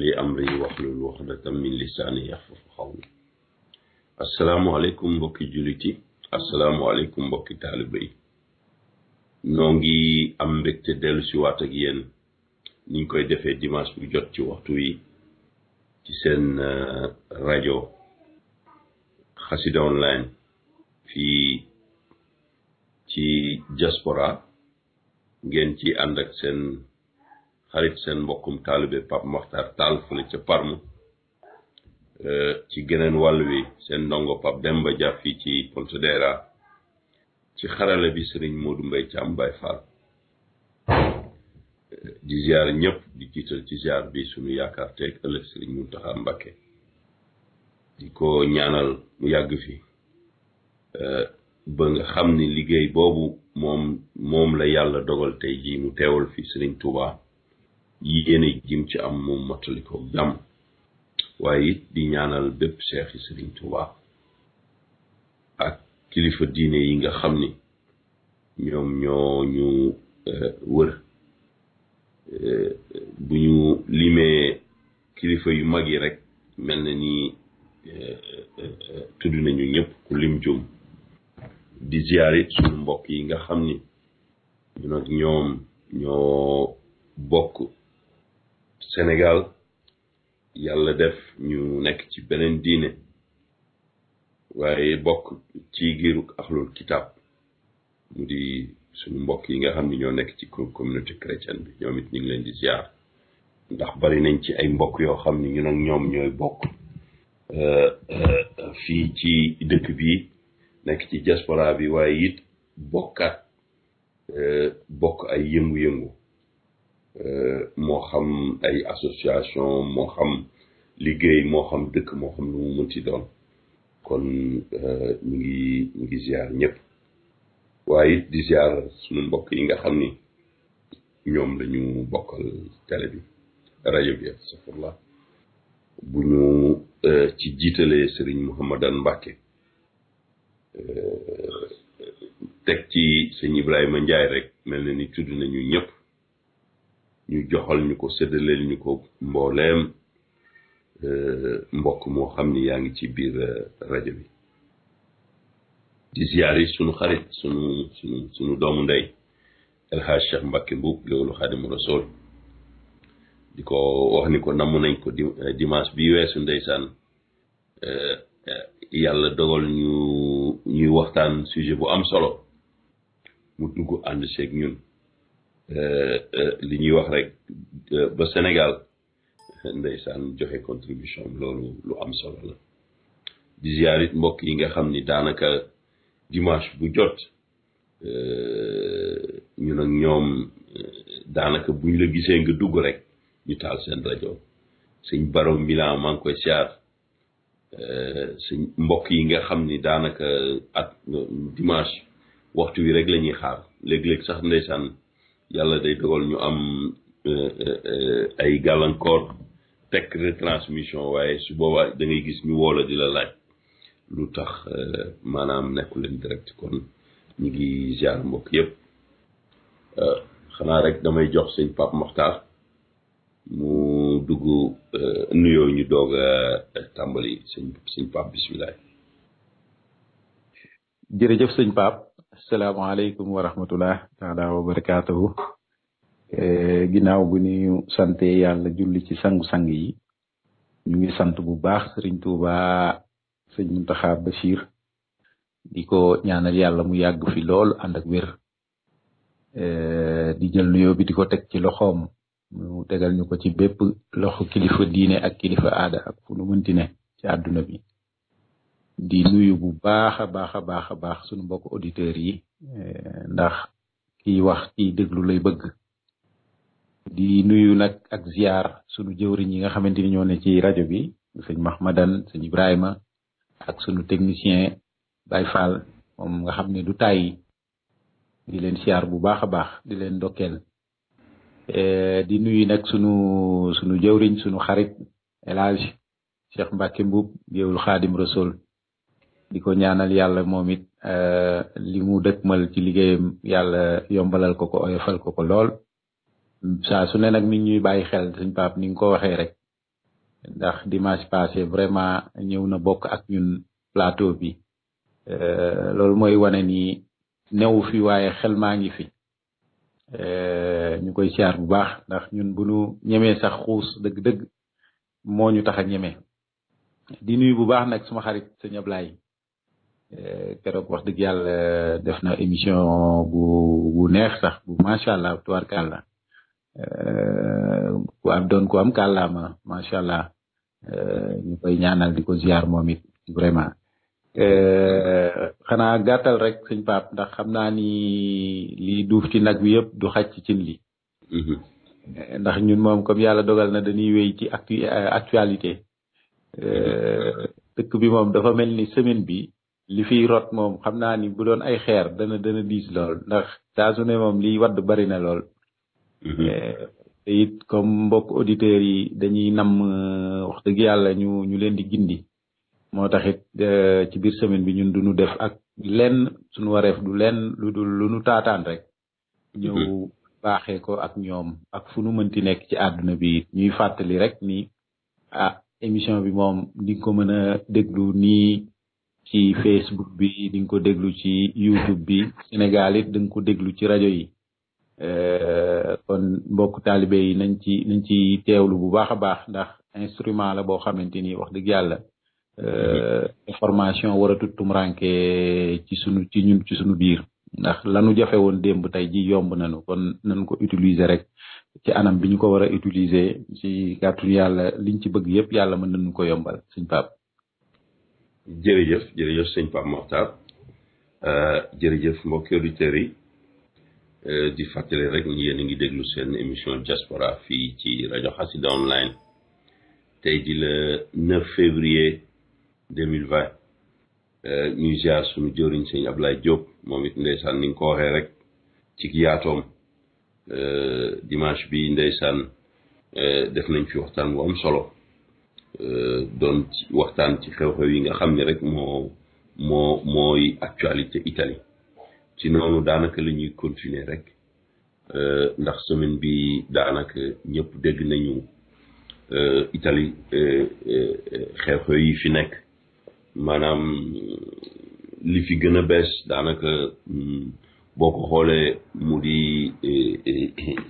li amri wa wahlul uqdatan min lisani yafqahu qawli assalamu mbokki jullit juliti assalamu mbokki taaliba yi nongi ngi am mbégte dellu si waat ak yéen niñ koy defee dimanche bu jot ci waxtu yi ci sen euh, radio xasida online fi ci diaspora ngeen ci ànd ak sen xarit seen mbokkum taalibe Pape Makhtar Tall fële ca Parme euh, ci geneen wàll wi seen ndongo Pape Demba Dia fii ci Pontedera ci xarale bi sëriñ Modou Mbaye Thiam Baye Fall euh, di ziar ñëpp di jiital ci ziar bi suñu yaakaar teeg ëllëg sëriñ Mountakha Mbacké di ko ñaanal mu yàgg fi euh, ba nga xam ni liggéey boobu moom moom la yàlla dogal tey jii mu teewal fi sëriñ Touba yéene jim ci am moom mottali ko waaye it di ñaanal bépp seexi sëriñ Tuubaa ak kilifa diine yi nga xam ni ñoom ñoo ñu eh, wër eh, bu ñu limee kilifa yu mag yi rek mel na ni eh, tudd nañu ñëpp ku lim jum di ziyaar it mbokk yi nga xam ni ñu nag ñoom ñoo bokk senegal yàlla def ñu nekk ci beneen diine waaye bokk ci giiruk axlul kitaab mu di suñu mbokk yi nga xam ne ñoo nekk ci communauté chrétienne bi ñoom it ñu ngi leen di ziar ndax bari nañ ci ay mbokk yoo xam ni ñu nag ñoom ñooy bokk euh, euh, fii ci dëkk bi nekk ci diaspora bi waaye it bokkaat euh, bokk ay yëngu-yëngu Euh, moo xam ay association moo xam liggéey moo xam dëkk moo xam lu mu mënti doon kon euh, ngi ngi ziar ñëpp waaye it di ziar suñu mbokk yi nga xam ni ñoom la ñu bokkal télé bi rajo bi astafurlah bu ñu euh, ci jiitalee sëriñ Mouhamadan Mbacke teg ci sëñ Ibrahima Ndiaye rek mel na ni tudd nañu ñëpp ñu joxal ñu ko séddaleel ñu ko mbooleem e, mbokk moo xam ni yaa ngi ci biir e, rajo bi di ziar yi sunu xarit sunu sunu sunu doomu ndey El Hadj Cheikh Mbacke Mbuub Géwélu Xaadimu Rasuul di ko wax ni ko namm nañ ko e, dimanche bi weesu ndeysaan yàlla dogal ñu ñuy waxtaan sujet bu am solo mu dugg ànd seeg ñun Euh, euh, li ñuy wax rek euh, ba Sénégal ndeysaan joxe contribution loolu lu am solo la di ziarit mbokk yi nga xam ni daanaka dimanche bu jot ñu nag ñoom daanaka buñ la gisee nga dugg rek ñu taal seen rajo sëñ Baro Milan maa ngi koy siyaar sëñ mbokk yi nga xam ni daanaka at dimanche waxtu wi rek lañuy ñuy xaar léeg-léeg sax ndeysaan yàlla day dogal ñu am euh, euh, ay gàllankoor tek retransmission waaye su boobaa da gis ñu woola di la laaj lu tax euh, maanaam nekku leen direct kon ñu ngi ziar mbokk yëpp xanaa rek damay jox sëñ Pape Moxtaar mu dugg nuyoo ñu doog a tàmbali sëñ sëñ Pape bisimilah. jërëjëf sëñ Pape. Assalamualaikum warahmatullahi wabarakatuh. taala wa barakatuhu eh, ginaaw bu ñu sante yàlla julli ya eh, ci sangu-sang yi ñu ngi sant bu baax sëriñ tuuba sëñ muntaxa bachir di ko ñaanal yàlla mu yàgg fi lool ànd ak wér di jël nuyoo bi di ko teg ci loxoom mu tegal ñu ko ci bépp loxo kilifa diine ak kilifa aada ak fu nu mënti ne ci àdduna bi di nuyu bu baax a baax baax sunu mbokk auditeur yi eh, ndax kiy wax kiy déglu lay bëgg di nuyu nag ak ziar sunu jëwriñ yi nga xamante ni ñoo ne ci rajo bi sëñ mahmadan sëñ ibrahima ak sunu technicien bay fall moom nga xam ne du tàyyi di leen ziar bu baax baax di leen dokkeel eh, di nuyu nag sunu sunu jëwriñ sunu xarit elage cheikh mbacke mbub géewul khadim rasul di ko ñaanal yàlla moom it euh, li mu dëkkmal ci liggéeyam yàlla yombalal ko ko oyofal ko ko lool saa su ne nag mi ñuy bàyyi xel suñ pap ni nga ko waxee rek ndax dimanche passé vraiment ñëw na bokk ak ñun plateau bi euh, loolu mooy wane ni newu fi waaye xel maa ngi fi euh, ñu koy siyaar bu baax ndax ñun bu ñu ñemee sax xuus dëgg-dëgg moo ñu tax a ñeme di nuyu bu baax nag suma xarit sëñ Ablaye Eh, keroog wax dëgg yàlla eh, def na émission bu bu neex sax bu macha allah tubaarkàlla eh, ku am doon am kàllaama macha allah ñu koy ñaanal di ko ziar moom it vraiment. xanaa gàttal rek sëñ Pape ndax xam naa ni li duuf ci nag bi yëpp du xaj cin li. Mm-hmm. ndax ñun moom comme yàlla dogal na dañuy wéy ci actu actualité. dëkk bi moom dafa mel ni semaine bi li fiy rot moom xam naa ni bu doon ay xeer dana dana diis lool ndax saa su ne moom liy wadd bari na lool. Mm-hmm. Eh, te it comme mbokk auditeurs yi dañuy namm eh, wax dëgg yàlla ñu ñu leen di gindi. moo tax it eh, ci biir semaine bi ñun du ñu def ak len suñu wareef du lenn lu dul lu nu taataan rek. ñëw mm-hmm. baaxee ko ak ñoom ak fu nu mënti nekk ci àdduna bi ñuy fàttali rek ni a ah, émission bi moom di nga ko mën a déglu ci facebook bi di ko déglu ci youtube bi sénégal it di ko déglu ci rajo yi eh, kon mbokk talibé yi nañ ci nañ ci téwlu bu baaxa baax ndax instrument la bo xamanteni ni wax dëgg yàlla eh, information war tuttum ranké ci sunu ci ñun ci sunu biir ndax lanu jafe won demb tay ji yomb nañu kon nañ ko utiliser rek ci anam bi ko wara utiliser ci kàttu yalla liñ ci bëgg yépp yalla mën ko yombal jërëjëf jërëjëf sëñ Pape Mokhtar euh, jërëjëf mbokki auditeurs yi euh, di fàttali rek ni yéen ngi déglu seen émission diaspora fii ci rajo Xassida online tey di le 9 février 2020 euh, ñuy ziar suñu jëriñ sëñ Ablaye Diop moom it ndeysaan ni nga ko waxee rek ci yaatoom dimanche bi ndeysaan def nañ fi waxtaan bu am solo. Euh, doon waxtaan ci xew-xew yi nga xam ne rek moo moo mooy actualité Italie ci noonu daanaka la ñuy continuer rek euh, ndax semaine bi daanaka ñëpp dégg nañu euh, Italie xew-xew yi fi nekk maanaam li fi gën a bees daanaka mm, boo ko xoolee mu di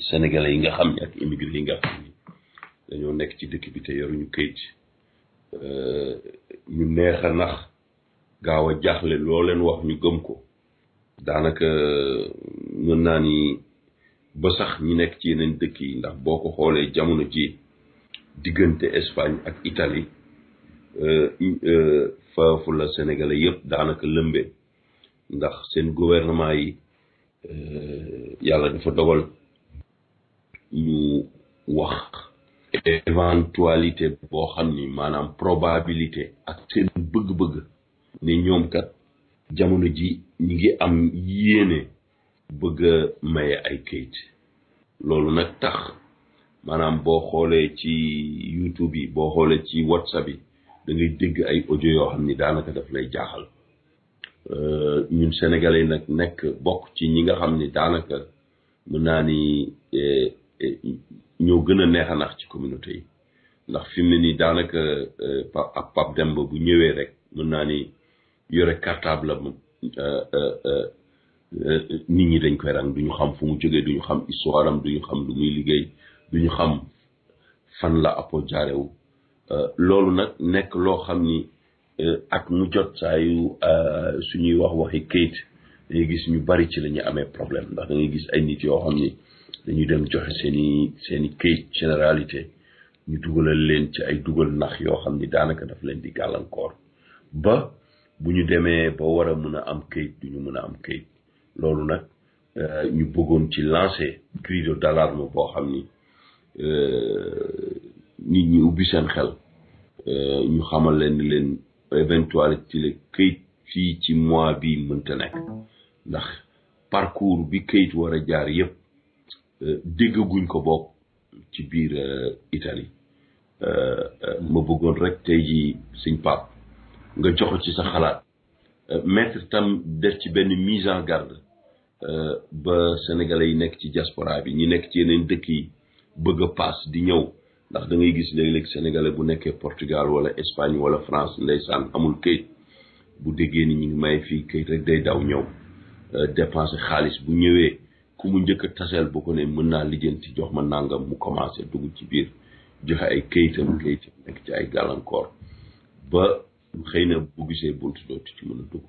sénégalais yi nga xam ne ak immigré yi nga xam ne dañoo nekk ci dëkk bi te yoruñu këyit eh, ñu neex a nax gaaw a jaaxle loo leen wax ñu gëm ko daanaka mën naa ni ba sax ñi nekk ci yeneen dëkk yi ndax boo ko xoolee jamono ji diggante Espagne ak Italie eh, eh, faafu la Sénégalais yëpp daanaka lëmbee ndax seen gouvernement yi yàlla dafa dogal ñu wax éventualité boo xam ni maanaam probabilité ak seen bëgg-bëgg ni ñoom kat jamono ji ñi ngi am yéene bëgg a maye ay kayit loolu nag tax maanaam boo xoolee ci YouTube yi boo xoolee ci WhatsApp yi da ngay dégg ay audio yoo xam ni daanaka daf lay jaaxal euh, ñun sénégalais nag nekk bokk ci ñi nga xam ni daanaka mën naa ni eh, eh, ñoo gën a neex a nax ci communauté yi ndax fi mu ne nii daanaka ab euh, Pap Demba bu ñëwee rek mën naa ni yore cartable la euh, euh, nit ñi dañ koy rang duñu xam fu mu jógee du ñu xam histoire am ñu xam lu muy liggéey du ñu xam fan la apo jaarewu loolu nag nekk loo xam ni ak mu jot saa yu suñuy wax waxi kayit dañuy gis ñu bari ci la ñu amee problème ndax da gis ay nit yoo xam ni. dañuy dem joxe seeni seeni këyit généralité ñu dugalal leen ci ay dugal nax yoo xam ni daanaka daf leen di gàllankoor ba bu ñu demee ba war a mën a am këyit du ñu mën a am këyit loolu nag euh, ñu bëggoon ci lancer cri d'alarme boo xam ni euh, nit ñi ubbi seen xel euh, ñu xamal leen ni leen éventualité la këyit fii ci mois bi mënta nekk ndax parcours bi këyit war a jaar yëpp déggaguñ ko bokk ci biir euh, Italie euh, euh, ma bëggoon rek tey jii suñ pap nga jox ci sa xalaat maître tam def ci benn mise en garde ba sénégalais yi nekk ci diaspora bi ñi nekk ci yeneen dëkk yi bëgg paas di ñëw ndax da gis léeg-léeg sénégalais bu nekkee Portugal wala Espagne wala France ndeysaan amul këyit bu déggee ni ñu ngi may fii këyit rek day daw ñëw dépenser xaalis bu ñëwee ku mu njëkk a taseel bu ko ne mën naa lijjanti jox ma nangam mu commencé dugg ci biir joxe ay kayitam mm-hmm. kayitam ci ay gàllankoor ba xëy na bu gisee bunt dootu ci mën a dugg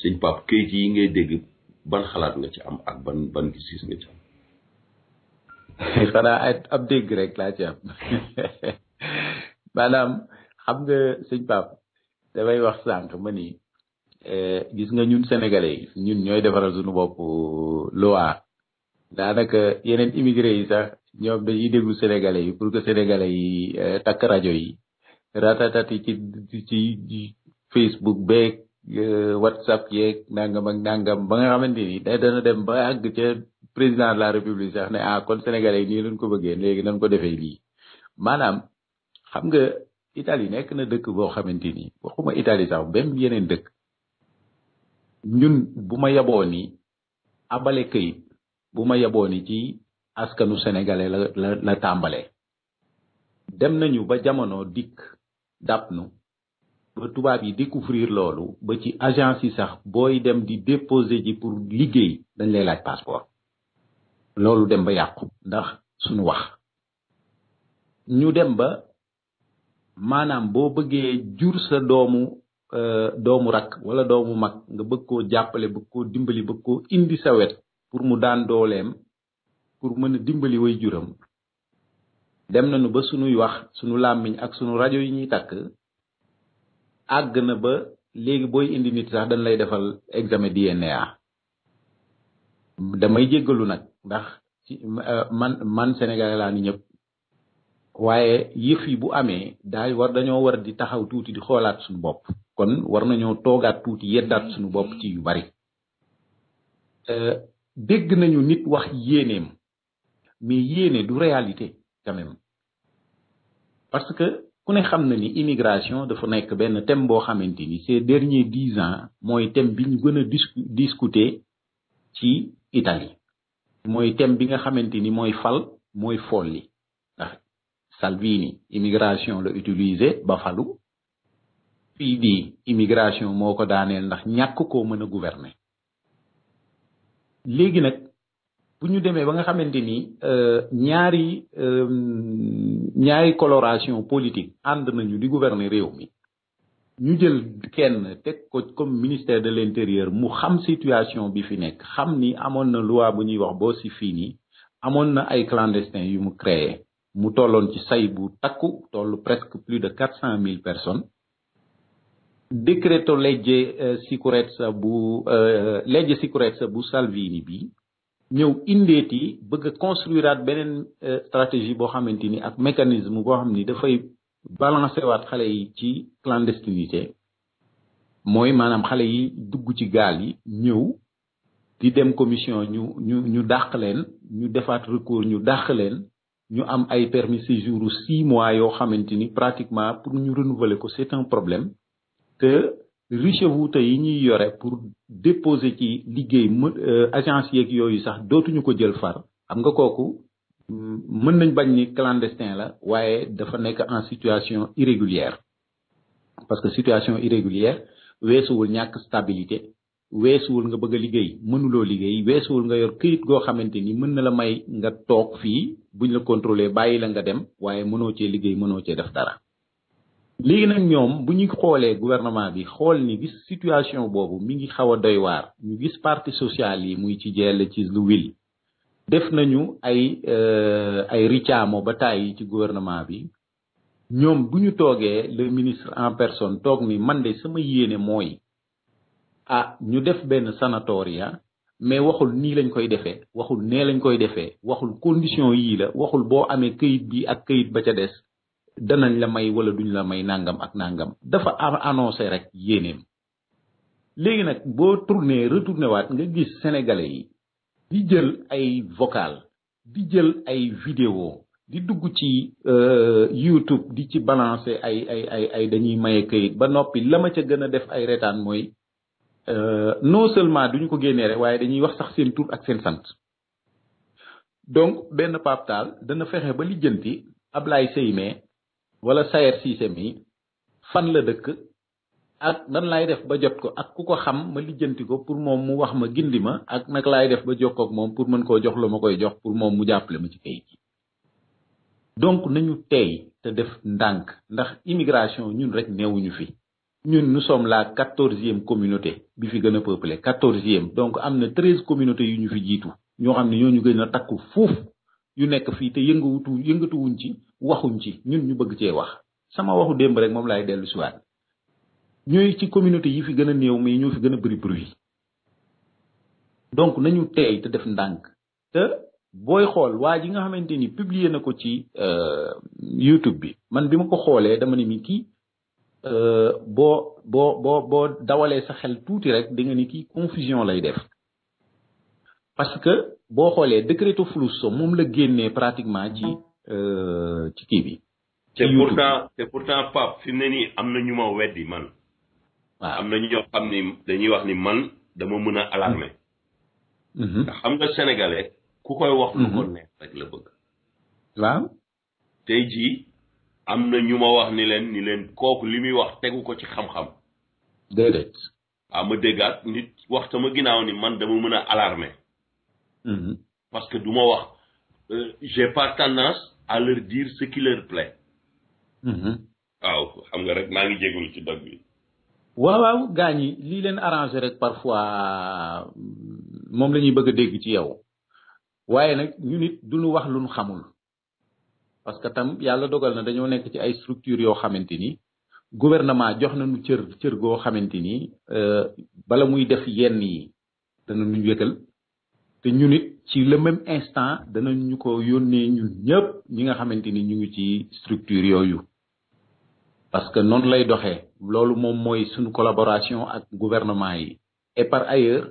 sëñ Pape kayit yi ngay dégg ban xalaat nga ci am ak ban ban gis-gis nga ci am. xanaa ab dégg rek laa ci am ni eh, gis nga ñun sénégalais yi ñun ñooy defaral suñu bopp eh, loi. daanaka yeneen immigré yi sax ñoom dañuy déglu sénégalais yi pour que sénégalais yi euh, takk rajo yi ratatati ci ci Facebook beeg euh, WhatsApp yeeg nangam ak nangam ba nga xamante ni day dana dem ba àgg président de la république sax ne ah kon sénégalais yi nii lañ ko bëggee léegi nañ ko defee lii maanaam xam nga Italie nekk na dëkk boo xamante ni waxuma Italie sax même yeneen dëkk ñun bu ma yaboo ni abale këyit bu ma yeboo ci askanu sénégalais la la la tàmbalee dem nañu ba jamono dikk dàpp nu ba tubaab yi découvrir loolu ba ci agence yi sax booy dem di déposer ji pour liggéey dañ lay laaj passeport loolu dem ba yàqu ndax suñu wax ñu dem ba maanaam boo bëggee jur sa doomu euh, doomu rakk wala doomu mag nga bëgg koo jàppale bëgg koo dimbali bëgg koo indi sa wet pour mu daan dooleem pour mën a dimbali way juram dem nañu ba sunuy wax sunu làmmiñ ak sunu rajo yi ñuy takk àgg na ba léegi booy indi nit sax dañ lay defal examen DNA damay jéggalu nag ndax ci euh, man man Sénégal laa ni ñëpp waaye yëf yi bu amee daay war dañoo war di taxaw tuuti di xoolaat suñu bopp kon war nañoo toogaat tuuti yeddaat suñu bopp ci yu bari euh, dégg nañu nit wax yéeneem mais yéene du réalité quand même parce que ku ne xam na ni immigration dafa nekk benn thème boo xamante ni ces derniers dix ans mooy thème bi ñu gën a discuter ci Italie mooy thème bi nga xamante ni mooy fal mooy folli ndax Salvini immigration la utiliser ba falu fii di immigration moo ko daaneel ndax ñàkk koo mën a gouverner léegi nak buñu démé ba nga xamanténi ni euh, ñaari euh, ñaari coloration politique and nañu di gouverner réew mi ñu jël kenn tek ko comme ministère de l'intérieur mu xam situation bi fi nek xam ni amon na loi bu ñuy wax bo ci fini amon na ay clandestins yu mu créé mu tollon ci say bu takku tollu presque plus de 400000 personnes décreto legge eh, sicurezza bu eh, legge sicurezza bu Salvini bi ñëw indeeti bëgg a construire beneen eh, stratégie boo xamante ni ak mécanisme boo xam ni dafay balancer waat xale yi ci clandestinité mooy maanaam xale yi dugg ci gaal yi ñëw di dem commission ñu ñu ñu dàq leen ñu defaat recours ñu dàq leen ñu am ay permis séjour six mois yoo xamante ni pratiquement pour ñu renouveler ko c'est un problème que richevous te yi ñuy yore pour déposer ci liggéey euh, agence yeeg yooyu sax dootuñu ko jël far xam nga kooku mm, mën nañ bañ ni clandestin la waaye dafa nekk en situation irrégulière parce que situation irrégulière weesuwul ñàkk stabilité weesuwul nga bëgg a liggéey mënuloo liggéey weesuwul nga yor këyit goo xamante ni mën na la may nga toog fii buñ la contrôler bàyyi la nga dem waaye mënoo cee liggéey mënoo cee def dara léegi nag ñoom bu ñu xoolee gouvernement bi xool ni gis situation boobu mi ngi xaw a doy waar ñu gis parti social yi muy ci jell ci lu wil def nañu ay euh, ay ricaamo ba tàyyi ci gouvernement bi ñoom bu ñu toogee le ministre en personne toog ni man de sama yéene mooy ah ñu def benn ya mais waxul nii lañ koy defee waxul nee lañ koy defee waxul condition yii la waxul boo amee këyit bi ak këyit ba ca des danañ la may wala duñu la may nangam ak nangam dafa annoncé rek yéeneem léegi nag boo tourné retourné waat nga gis sénégalais yi di jël ay vocal di jël ay vidéo di dugg ci euh, YouTube di ci balancé ay ay ay ay dañuy maye këyit ba noppi la ma ca gën a def ay retaan mooy euh, non seulement duñu ko génnee rek waaye dañuy wax sax seen tur ak seen sant donc benn paptaal dana fexe ba lijjanti Ablaye Seyme wala Sayer Cissé mi fan la dëkk ak nan laay def ba jot ko ak ku ko xam ma lijjanti ko pour moom mu wax ma gindi ma ak nag laay def ba jokkook moom pour mën koo jox la ma koy jox pour moom mu jàppale ma ci kayit yi donc nañu teey te def ndànk ndax immigration ñun rek neewuñu fi ñun nous sommes la quatorzième communauté bi fi gën a peuplé quatorzième donc am na treize communautés yu ñu fi jiitu ñoo xam ne ñoo ñu gën a takku fuuf yu nek fi te yëngawutu yëngatuwuñ ci waxuñ ci ñun ñu bëgg ci wax sama waxu demb rek lay delu ci waat ñooy ci communauté yi fi gëna neew mi ñu fi gëna bëri bëri donc nañu tey te def ndank te boy xol waaji nga xamanteni publier nako ci euh youtube bi man bima ko xolé dama ni mi ki euh bo bo bo dawalé sa xel touti rek di nga ni ki confusion lay def parce que boo xoolee décréto flusso mom la génnee pratiquement ci euh, ci ki bi te pourtant te pourtant pap fi mu ne nii am na man waaw am ñu ñoo xamni dañuy wax ni man dama mëna alarmé hmm xam nga sénégalais ku koy wax lu ko mm-hmm. neex rek la bëgg waaw tey ji amna ñuma wax ni len ni len koku limi wax tegu ko ci xam-xam déedéet waaw ah, ma nit waxtama ginaaw ni man dama mëna alarmer Mm-hmm. parce que du ma wax euh, j'ai pas tendance à leur dire ce qui leur plaît. Mm-hmm. waaw xam nga rek maa ngi jégalu ci dog bi. waaw waaw gaa ñi lii leen arrangé rek parfois moom la ñuy bëgg a dégg ci yow waaye nag ñu nit du wax lu xamul parce que tam yàlla dogal na dañoo nekk ci ay structures yoo xamante ni gouvernement jox nañu cër cër goo xamante ni euh, bala muy def yenn yi dana ñu yëkkal te ñun nit ci le même instant danañ ñu ko yónnee ñun ñëpp ñi nga xamante ni ñu ngi ci structure yooyu parce que noonu lay doxee loolu moom mooy suñu collaboration ak gouvernement yi et par ailleurs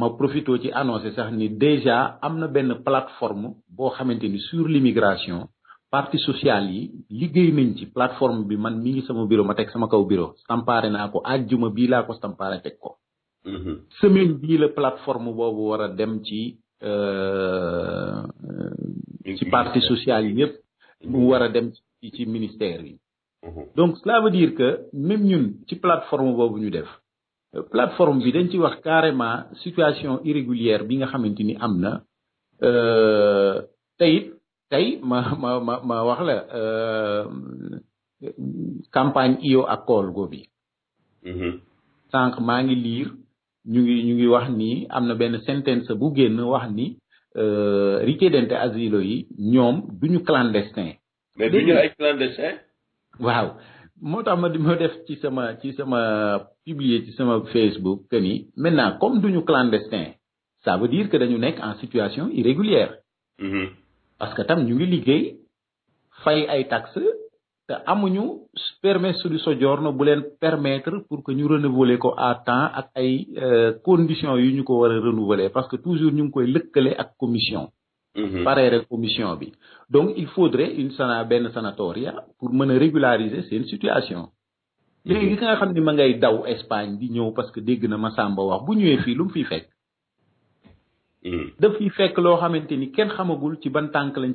ma profito ci annoncé sax ni déjà am na benn plateforme boo xamante ni sur l'immigration parti social yi liggéey nañ ci plateforme bi man mi ngi sama bureau ma teg sama kaw bureau stamparé naa ko àjjuma bii laa ko stamparé teg ko Mm-hmm. semaine bii la plateforme boobu war a dem ci euh, ci parti social yi yëpp mu mm-hmm. war a dem ci ci ministère yi mm-hmm. donc cela veut dire que même ñun ci plateforme boobu ñu def plateforme bi dañ ci wax carrément situation irrégulière bi nga xamante ni am na euh, tey tey ma ma ma ma wax la euh, campagne io ak kool bi sànq maa ngi liir ñu ngi ñu ngi wax ni amna ben sentence bu génn wax ni euh, richiedente asilo yi ñom duñu clandestin. mais duñu ay clandestin. waaw motax tax ma mo def ci sama ci sama publier ci sama Facebook que ni maintenant comme duñu clandestin ça veut dire que dañu nekk en situation irrégulière. Mm-hmm. parce que tam ñu ngi liggéey fay ay taxes nous amuñu permis su bu permettre pour que nous renouveler ko à temps euh, conditions yu ko renouveler parce que toujours nous ngi koy lëkkale commission. Mm-hmm. rek commission bi. donc il faudrait une sana sanatoria pour mën régulariser seen situation. Mm-hmm. léegi ki nga xam ni ma ngay Espagne di parce que dégg na ma wax bu ñëwee fii lu mu fiy fekk. Mm-hmm. daf fi fekk loo kenn xamagul ci ban tànk lañ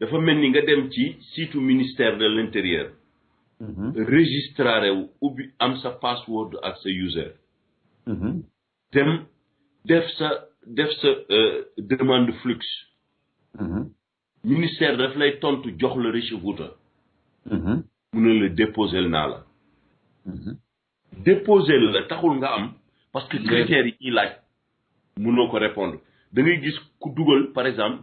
dafa fa melni nga dem ci site ministère de l'intérieur, intérieur. Mhm. registraré wu ubbi am sa password ak sa user. Mhm. dem def sa def sa euh, demande flux. Mhm. ministère daf lay tontu jox la receveur. mu ne le déposé naa la. déposer la taxul nga am. parce que critère yi a, laaj. mënoo ko répondre da ngay gis ku dugal par exemple.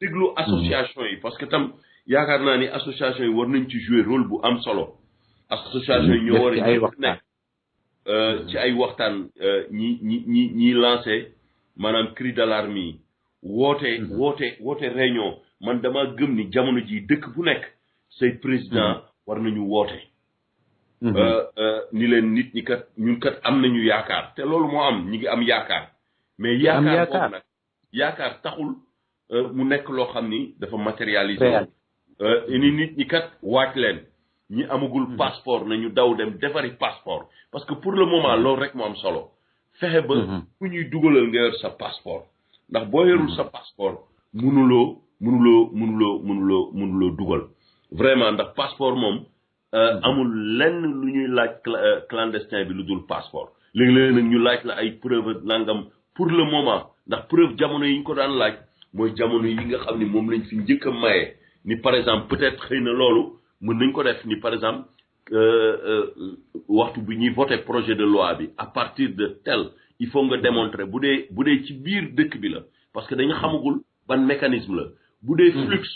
déglu mhm. association yi parce que tam yaakaar naa ni association yi war nañ ci jouer rôle bu am solo association yi mhm. ñoo war a ñëw nekk euh, mhm. ci ay waxtaan euh, ñi ñi ñi ñiy lancé maanaam cri d'alarme yi woote woote woote réunion man dama gëm ni jamono ji dëkk bu nekk say président war nañu woote euh, ni leen nit ñi kat ñun kat am nañu yaakaar te loolu moo am ñi ngi am yaakaar mais yaakaar boobu yaakaar taxul Euh, mu nekk loo xam ni dafa matérialiser euh, ni nit ñi kat waaj leen ñi amagul mm-hmm. passeport ñu daw dem defari passeport parce que pour le moment mm-hmm. loolu rek mu am solo fexe ba fu mm-hmm. ñuy dugalal nga yor sa passeport ndax boo yorul sa passeport munuloo mënuloo mënuloo mënuloo munuloo dugal vraiment ndax passeport moom euh, amul lenn lu ñuy laaj clandestin bi lu dul passeport léegi-léeg nag ñu laaj la ay preuve nangam pour le moment ndax preuve jamono yi ñu ko daan laaj moy jamono yi nga ni par exemple peut-être que vous mën nañ ni par exemple euh, euh, waxtu bi ñi projet de loi à partir de tel il faut nga démontrer boudé boudé ci dëkk bi parce que dañu ban mécanisme la vous hmm. flux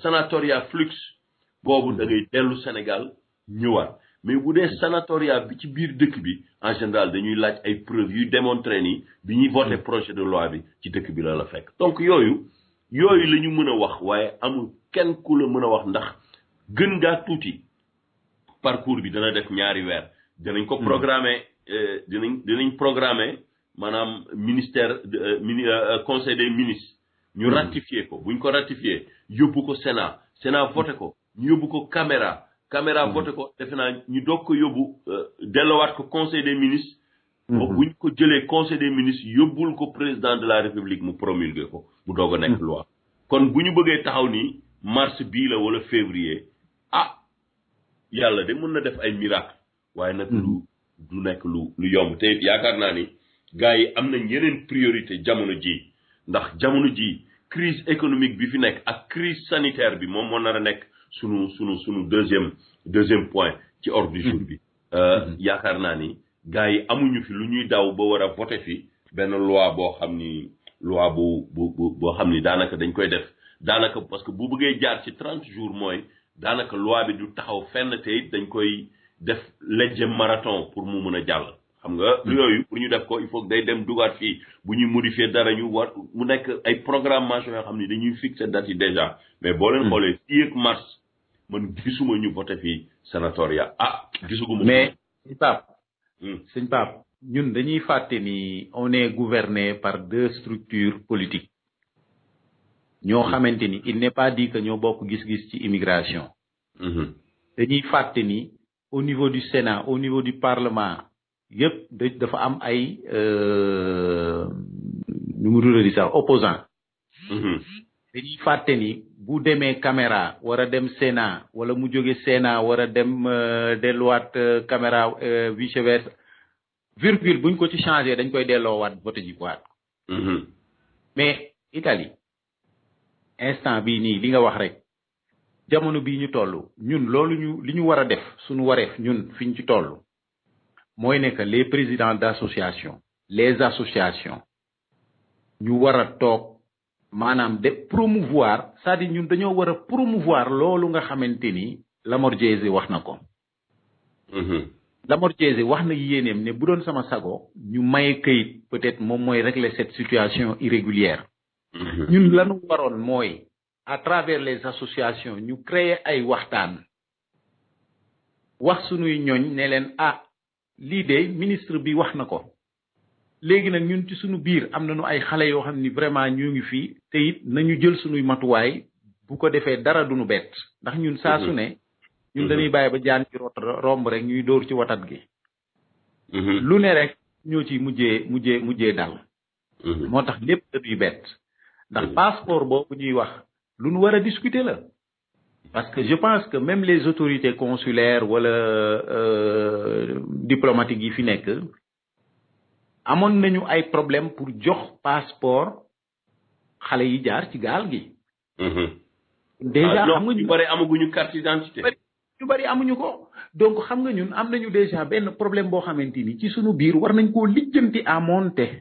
sanatoria flux bobu da ngay Sénégal mais bu dee sanatoria bi ci biir dëkk bi en général dañuy laaj ay preuves yuy démontrer ni bi ñuy hmm. projet de loi bi ci dëkk bi la la fekk. donc yooyu yooyu la ñu mën a wax waaye amul kenn ku la mën a wax ndax gën ngaa tuuti parcours bi dana def ñaari weer. danañ ko hmm. programmer euh, dinañ dinañ programmer maanaam ministère euh, mini euh, conseil des ministres. ñu hmm. ratifié ko buñ ko ratifié yóbbu ko Sénat Sénat voté ko ñu yóbbu ko caméra. caméra mhm. voté ko defe naa ñu doog ko yóbbu euh, dellowaat ko conseil des ministres mhm. ba buñ ko jëlee conseil des ministres yóbbul ko président de la république mu promulgué ko mu doog a nekk mhm. loi kon bu ñu bëggee taxaw nii mars bii la wala février ah yàlla de mën na def ay miracle waaye nag lu du nekk lu lu yomb te yaakaar naa ni gars yi am nañ yeneen priorité jamono ji ndax jamono ji crise économique bi fi nekk ak crise sanitaire bi moom moo na a nekk sunu sunu sunu deuxième deuxième point ci ordre du jour mhm. bi euh, yaakaar naa ni gaay yi amuñu fi lu ñuy daw ba wara a fi ben loi bo xamni loi bu bo bu boo xam dañ koy def danaka parce que bu bëggee jaar ci 30 jours moy danaka loi bi du taxaw fenn te it dañ koy def lejje marathon pour mu mëna a xam nga hmm. yooyu pour ñu def ko il faut day dem dugaat fii bu ñu modifier dara ñu war mu nekk ay programmation yoo xam ne dañuy fixer date yi déjà mais boo leen hmm. xoolee fii ak mars man gisuma ñu voté fii sénatoria ah gisuguma mais sëñ Pape hmm. sëñ Pape ñun dañuy fàtte ni on est gouverné par deux structures politiques ñoo xamante ni il n'est pas dit que ñoo bokk gis-gis ci immigration dañuy fàtte ni au niveau du Sénat au niveau du Parlement yëpp dafa am ay ñu euh, mu tudde di sax opposant mm-hmm. dañuy fàtte bu demee caméra war a dem Sénat wala mu jóge Sénat war a dem euh, delluwaat euh, caméra vice versa virgule buñ ko ci changé dañ koy delloowaat vote ji waat mm-hmm. mais Italie instant bi nii li nga wax rek jamono bii ñu toll ñun loolu ñu li ñu war a def suñu wareef ñun fiñ ci toll mooy que les présidents d'associations, les associations ñu wara tok manam de promouvoir c'est-à-dire ñun dañu wara promouvoir lolu nga xamanteni la Lamor wax nako hmm la Diézy wax na yéeneem ne bu doon sama sago ñu maye këyit peut-être mom moy régler cette situation irrégulière mm-hmm. ñun lañu waroon moy, à travers les associations ñu créer ay waxtaan wax suñuy ñooñ ne leen ah lii de ministre bi wax na ko léegi nag ñun ci sunu biir am nañu ay xale yoo xam ni vraiment ñu ngi fii te it nañu jël suñuy matuwaay bu ko defee dara duñu bett ndax ñun saa su mhm. ne ñun mhm. dañuy bàyyi ba jaan ci romb rek ñuy dóor ci watat gi mhm. lu ne rek ñoo ci mujjee mujjee mujjee dal moo tax lépp dañuy bett ndax passeport boobu ñuy wax lu nu war a discuter la Parce que je pense que même les autorités consulaires wala euh, diplomatiques yi fi nekk amoon nañu ay problème pour jox passeport xale yi jaar ci gaal gi. Mhm. déjà ah, xam nga ñu bari amaguñu carte d'identité. ñu bari amuñu ko donc xam nga ñun am déjà ben problème boo xamante ni ci suñu biir war nañ koo lijjanti à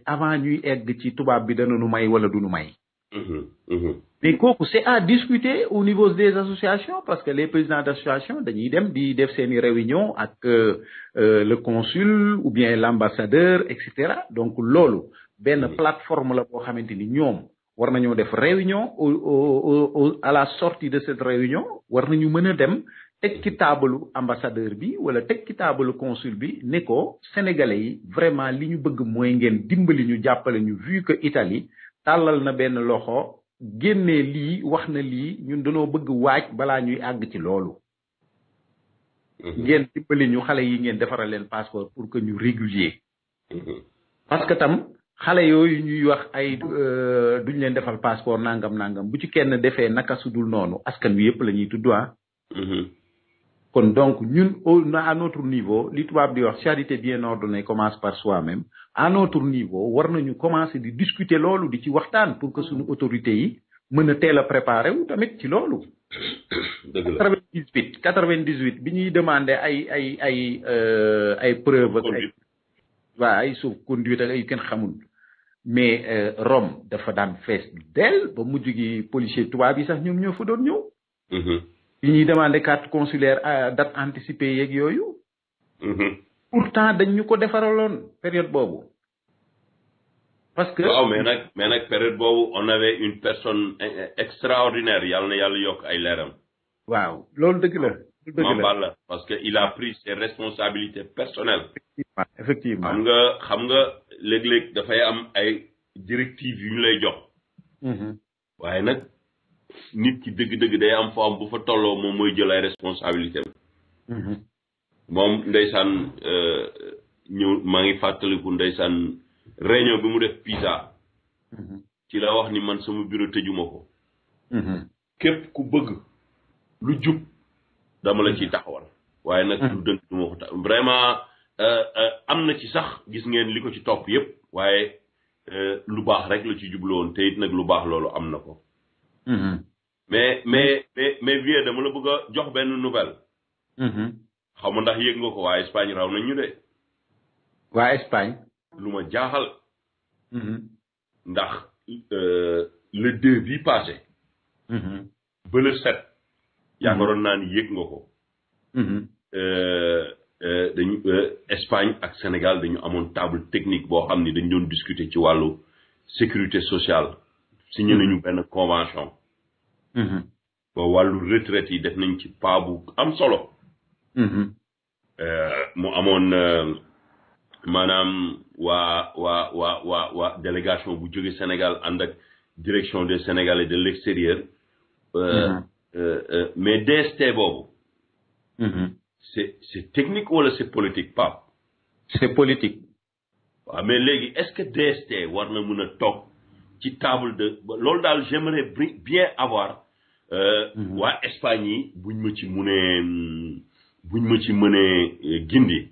avant ñuy egg ci tubaab bi dana nu may wala du nu may. Mhm, mhm mais quoi, c'est à discuter au niveau des associations parce que les présidents d'associations, dañuy dem di def seeni réunion ak euh, euh, le consul ou bien l'ambassadeur et cetera donc lolo, ben plateforme la boo xamante ni war nañoo def réunion au au à la sortie de cette réunion war nañu mën dem teg ambassadeur bi wala teg ci consul bi ne sénégalais vraiment liñu bëgg moy ngeen dimbali ñu jappalé ñu vu que Italie talal na ben loxo. génnee lii wax na lii ñun dañoo bëgg waaj balaa ñuy àgg ci loolu. Mm-hmm. ngeen dimbali ñu xale yi ngeen defaral leen passeport pour que ñu régulier. Mm-hmm. parce xale yooyu ñuy wax ay euh, duñ leen defal passeport nangam nangam bu ci kenn defee naka sudul noonu askan wi yëpp lañuy ñuy tudd ah. Mm-hmm. kon donc ñun à notre niveau li tubaab di wax charité bien ordonnée commence par soi-même à notre niveau war nañu commencer di discuter loolu di ci waxtaan pour que suñu autorité yi mën a teel a préparer wu tamit ci loolu. dëgg la 98 98 bi ñuy demander ay ay ay euh, ay preuve ak ay. waa ay sauf conduite ak ay kenn xamul. mais euh, Rome dafa daan fees del ba mujj gi policier tubaab yi sax ñoom ñoo fa doon ñëw. Mm-hmm yi ñuy demandé carte consulaire à euh, date anticipée yeeg mm-hmm. pourtant dañ ñu ko défaralon période bobu parce que waaw mais nak mais nak période bobu on avait une personne euh, euh, extraordinaire yalla na yàlla yokk ay leeram. waaw loolu dëgg la. dëgg parce qu'il a pris ses responsabilités personnelles. effectivement xam nga xam nga léeg-léeg am ay directives yu lay jox. Mm-hmm. waaye nag. nit ki deug deug day am foo bu fa tolo mom moy jël ay responsabilité mom mhm. ndaysan euh ñu ma ngi ku ndaysan réunion bi mu def hmm ci la wax ni man sama bureau tëjuma hmm kep ku bëgg lu jub dama la ci taxawal waye nak lu mhm. dënk du ma ko tax vraiment euh, euh amna ci sax gis ngeen liko ci top yépp euh lu baax rek la ci jublu won te it lu baax lolu amna ko Mm-hmm. mais mais mais mais vieux dama la bëgg jox benn nouvelle. Mm-hmm. xaw ma ndax yëg nga ko waa Espagne raw nañ ñu de. waa Espagne. lu ma jaaxal. Mm-hmm. ndax euh, le deux bi passé. ba le sept. yaakaaroon naa ni yëg nga ko. Euh, euh, dañu Espagne ak Sénégal dañu amoon table technique boo xam ni dañ doon discuter ci wàllu sécurité sociale. signé nañu une convention. Mm-hmm. ba wàllu retraite yi def nañ ci pas bu am solo. Mm-hmm. Euh, mu amoon euh, madame, wa wa wa délégation du Sénégal en direction du Sénégal et de l'extérieur. Euh, mm-hmm. mais DST ce c'est c'est technique ou c'est politique pas. c'est politique. mais est-ce que DST war na mën a ci table de l'ol dal j'aimerais bien avoir euh, mhm. wa Espagne buñ ma ci mune buñ ma ci euh, gindi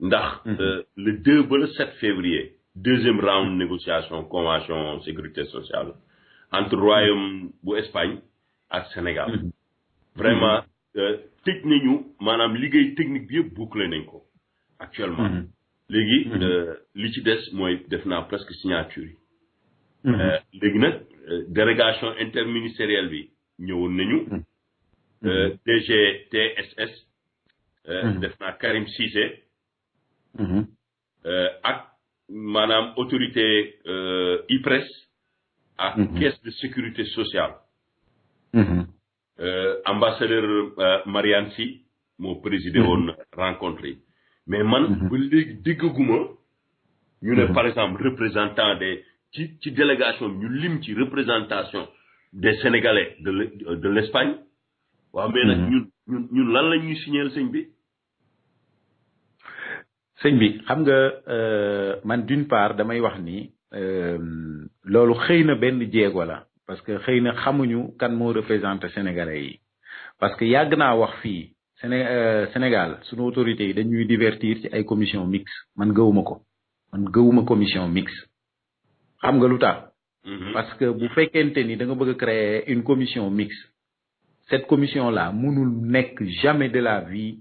ndax mhm. euh, le 2-7 le février deuxième round négociation convention sécurité sociale entre royaume bu Espagne le Sénégal mhm. vraiment la nañu manam ligue technique bi yëpp bouclé nañ ko actuellement léegi li ci dess presque signature Mm-hmm. Euh, léegi nag euh, délégation interministérielle bi ñëwoon nañu. Mm-hmm. Euh, mm-hmm. DGTSS. def naa Karim Cissé. ak maanaam autorité IPRES. ak caisse de sécurité sociale. ambassadeur Mariane Sy moo présidé woon rencontre yi. mais man. ba léegi déggaguma ñu ne par exemple représentant des. ci ci délégation ñu lim ci représentation des sénégalais de de l'Espagne, Espagne. waaw mais nag mhm. ñun ñun ñun lan la ñuy signeel sëñ bi. sëñ bi xam nga euh, man d'une part damay wax ni euh, loolu xëy na benn jéego la parce que xëy na xamuñu kan moo représenté sénégalais yi parce que yàgg naa wax fii Séné euh, Sénégal son autorité, yi dañuy divertir ci ay commission mixte man gëwuma man gëwuma commission mixte xam nga mm-hmm. parce que bu faites ni da nga bëgg créer une commission mixte. cette commission là mënul nekk jamais de la vie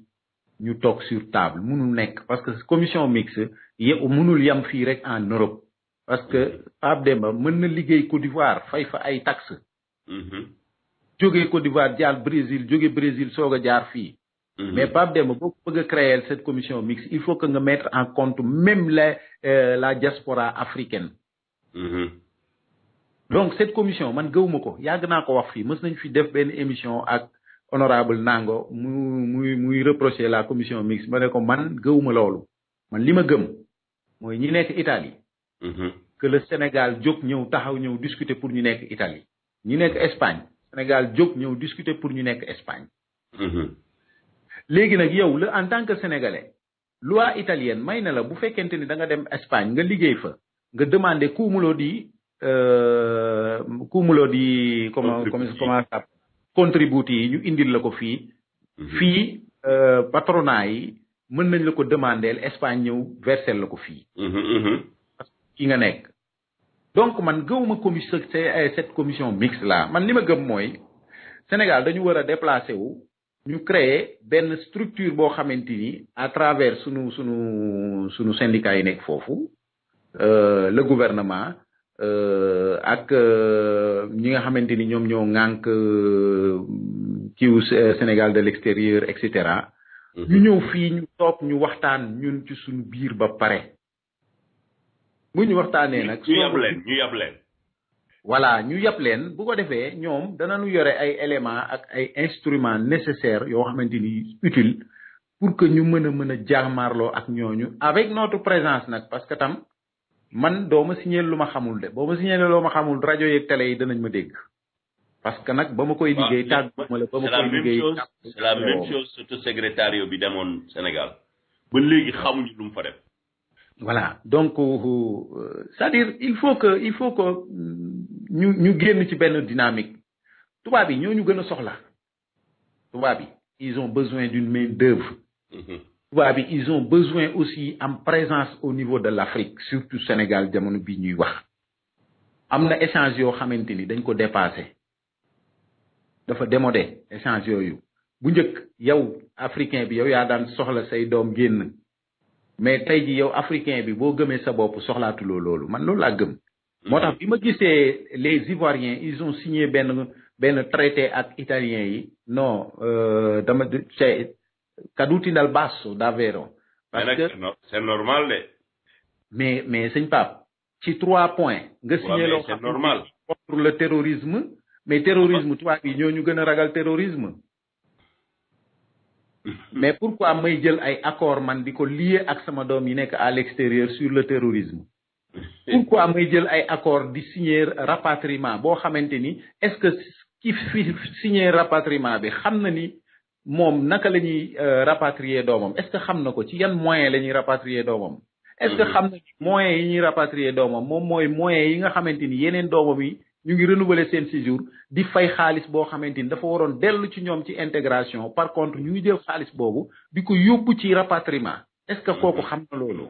ñu toog sur table mënul nekk parce que cette commission mixte ye mënul yam fii rek en Europe. parce que Pape Demba mën na liggéey Côte d'Ivoire fay fa ay taxes. Mm-hmm. en Côte d'Ivoire jaar Brésil jóge Brésil soog a jaar fii. Mm-hmm. mais Pape Demba boo ko créer cette commission mixte il faut que nga mettre en compte même la euh, la diaspora africaine. Mhm. donc cette commission man gëwuma ko yàgg naa ko wax fii mës nañ fi def ben émission ak honorable Nango mou, muy muy reprocher la commission mix, ma ne man gëwuma loolu man lima ma gëm mooy ñi nekk Italie mhm. que le Sénégal jóg ñëw taxaw ñëw discuter pour ñu nekk Italie ñi nekk Espagne Sénégal jóg ñëw discuter pour ñu nekk Espagne mhm. léegi nag yow le en tant que sénégalais loi italienne may na la bu fekkente ni da nga dem Espagne nga liggéey fa nga demander kuumuloo di euh, kuumuloo di comment comment ça contributi yi ñu indil la ko fii mhm. fii euh, patronat yi mën nañ la ko demandeel Espagne ñëw versel la ko fii ki mhm, mhm. nga nekk donc man gëwuma commission eh, cette commission mixte là man li ma gëm mooy Sénégal dañu war a déplacé wu ñu créer benn structure boo xamante ni à travers sunu sunu sunu syndicat yi nekk foofu Euh, le gouvernement euh, ak euh, ñi nga xamante ni ñoo ngank kiiw euh, Sénégal de l'extérieur et cetera mhm. ñu ñew fi ñu top ñu waxtaan ñun ci suñu biir ba paré bu ñu waxtaanee nak ñu yab leen ñu yab leen voilà ñu yab leen bu ko défé ñom ñoom danañu yoré ay éléments ak ay instruments nécessaires yo xamanteni ni utile pour que ñu mëna mëna mën ak ñoñu avec notre présence nak parce que tam man doo ma luma xamul de boo ma signalé ma xamul rajo yeeg télé yi danañ ma dégg parce que nak bama koy liggéey tàgguma la ba koy liggéey c'est la même chose surtout secrétariat bi demoon Sénégal ba léegi xamuñu lu mu fa def voilà donc euh, c'est-à-dire il faut que il faut que ñu ñu génn ci benn dynamique tuba bi ñoo ñu gëna soxla tuba bi ils ont besoin d'une main d'œuvre mm-hmm ils ont besoin aussi en présence au niveau de l'Afrique surtout Sénégal de bi ñuy wax am na échange yoo xamante dañ ko dépassé dafa démodé échange yooyu bu njëkk yow africain bi yow yaa daan soxla say doom génn mais tey ji yow africain bi bo, gëmee sa bopp soxlaatuloo loolu man loolu laa gëm moo tax bi ma les Ivoiriens ils ont signé ben ben traité à italien yi non euh, dama c'est c'est normal. Mais, mais pas. Pape, ci trois points nga c'est normal pour le terrorisme mais terrorisme tu vois, nous ñu le terrorisme mais pourquoi may jël ay accord man à ko ak à l'extérieur sur le terrorisme pourquoi may jël ay accord de signer rapatriement est-ce que qui fi signer rapatriement bi xam ni moom naka la ñuy euh, rapatrier doomam est-ce que xam na ko ci yan moyen la ñuy rapatrier doomam est-ce que mhm. xam na moyen yi ñuy rapatrier doomam moom mooy moyen yi nga xamante ni yeneen doomam yi ñu ngi renouveler seen séjour di fay xaalis boo xamante ni dafa waroon dellu ci ñoom ci intégration par contre ñu ngi jël xaalis boobu di ko yóbbu ci rapatriement est-ce que kooku mhm. xam na loolu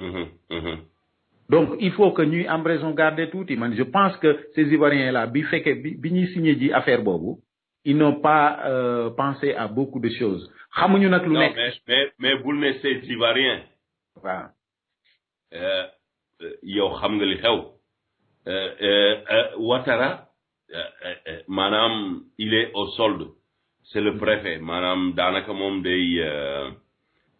mhm. donc il faut que ñuy am raison garder tuuti man je pense que ces Ivoiriens là bi fekkee bi ñuy signé ji affaire boobu ils n'ont pas euh, pensé à beaucoup de choses. xamuñu lu mais mais mais bul ne ces Ivoiriens. waaw. Euh, euh, yow xam nga li xew. Euh, Ouattara maanaam il est au solde. c'est le mm-hmm. préfet Madame, Danaka mom day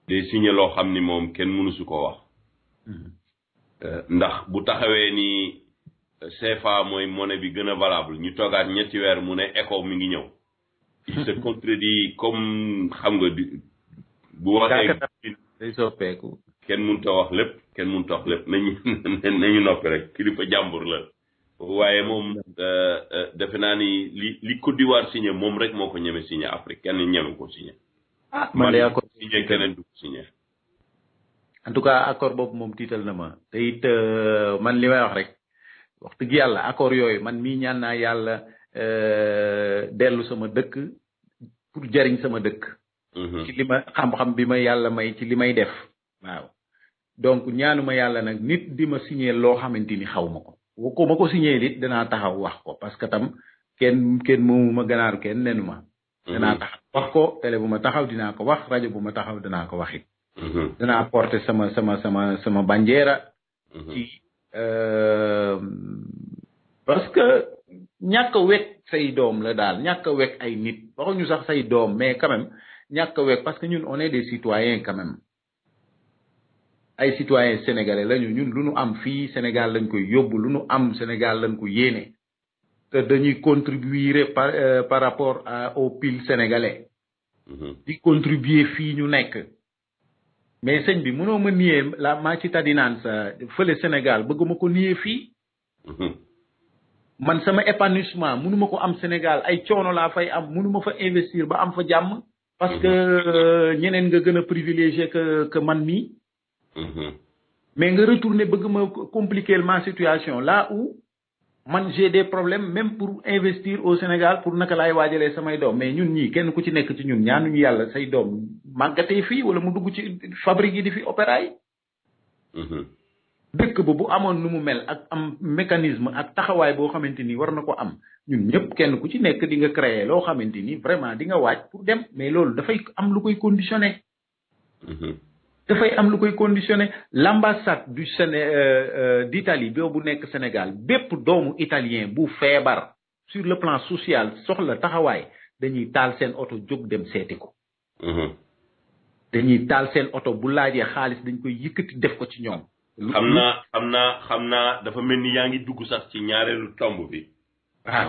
des signé loo xam ni moom kenn mënu mm-hmm. ndax bu ni CFA mooy monnaie bi gën valable ñu toogaat ñetti weer mu ne ECO mi ngi ñëw. il se contredit comme xam nga bu waxee day soppeeku kenn munta wax lépp kenn munta wax lépp nañu nañu noppi rek kilifa jàmbur la waaye moom euh, euh, defe naa ni li li Côte d'Ivoire signé moom rek moo ko ñeme signé après kenn ñeme ko signé ah man de accord signé keneen du signé en tout cas accord boobu moom tiital na ma te euh, man li may wax rek waxtu gi yàlla accord yooyu man mii ñaan naa yàlla Eh, dellu sama dëkk pour jariñ sama dëkk mm-hmm. ci li ma xam-xam bi ma yàlla may ci li may def waaw donc ñaanuma yàlla nag nit di ma signé loo xamante ni xaw ma ko wu ko ma ko signé nit danaa taxaw wax ko parce que tam kenn kenn moomu ma ganaaru kenn nenu ma mm-hmm. danaa taxaw wax ko télé bu ma taxaw dinaa ko wax rajo bu ma taxaw danaa ko waxit mm-hmm. danaa porter sama sama sama sama banjeera ci euh, parce que ñàkk a say dom la dal a mais quand même parce que ñun on est des citoyens quand même ay citoyens sénégalais Nous, ñun am fi Sénégal lañ koy am Sénégal lañ ko te dañuy contribuer par euh, par rapport au sénégalais. Mm-hmm. di contribuer fi ñu mais sëñ bi mëno ma la ma Sénégal bëgguma ko man sama épanouissement je ko am Sénégal ay choono l'a fay am mënuma fa investir ba am fa jam. parce que euh, ñeneen nga gëna a privilégié que que man mm-hmm. mais nga retourner bëgg ma compliquer ma situation là où man j'ai des problèmes même pour investir au Sénégal pour naka lay wajalé samay doom mais ñun ñi kenn ku ci nekk ci ñun ñu yalla say doom màggatee fi wala mu dugg ci fabrique yi di fi opéra yi mm-hmm. dëkk ba bu amoon nu mu mel ak am mécanisme ak taxawaay boo xamante ni war na ko am ñu ñëpp kenn ku ci nekk di nga créer loo xamante ni vraiment di nga waaj pour dem mais loolu dafay am lu koy conditionné. Mm-hmm. dafay am lu koy conditionné l' ambassade du Séné euh, euh, d' Italie boobu nekk Sénégal bépp doomu italien bu feebar sur le plan social soxla taxawaay dañuy taal seen oto jóg dem seeti ko. Mm-hmm. dañuy taal seen oto bu laajee xaalis dañ koy yëkkati def ko ci ñoom. xam naa xam naa xam naa dafa mel ni yaa ngi dugg sax ci ñaareelu tomb bi. Ah.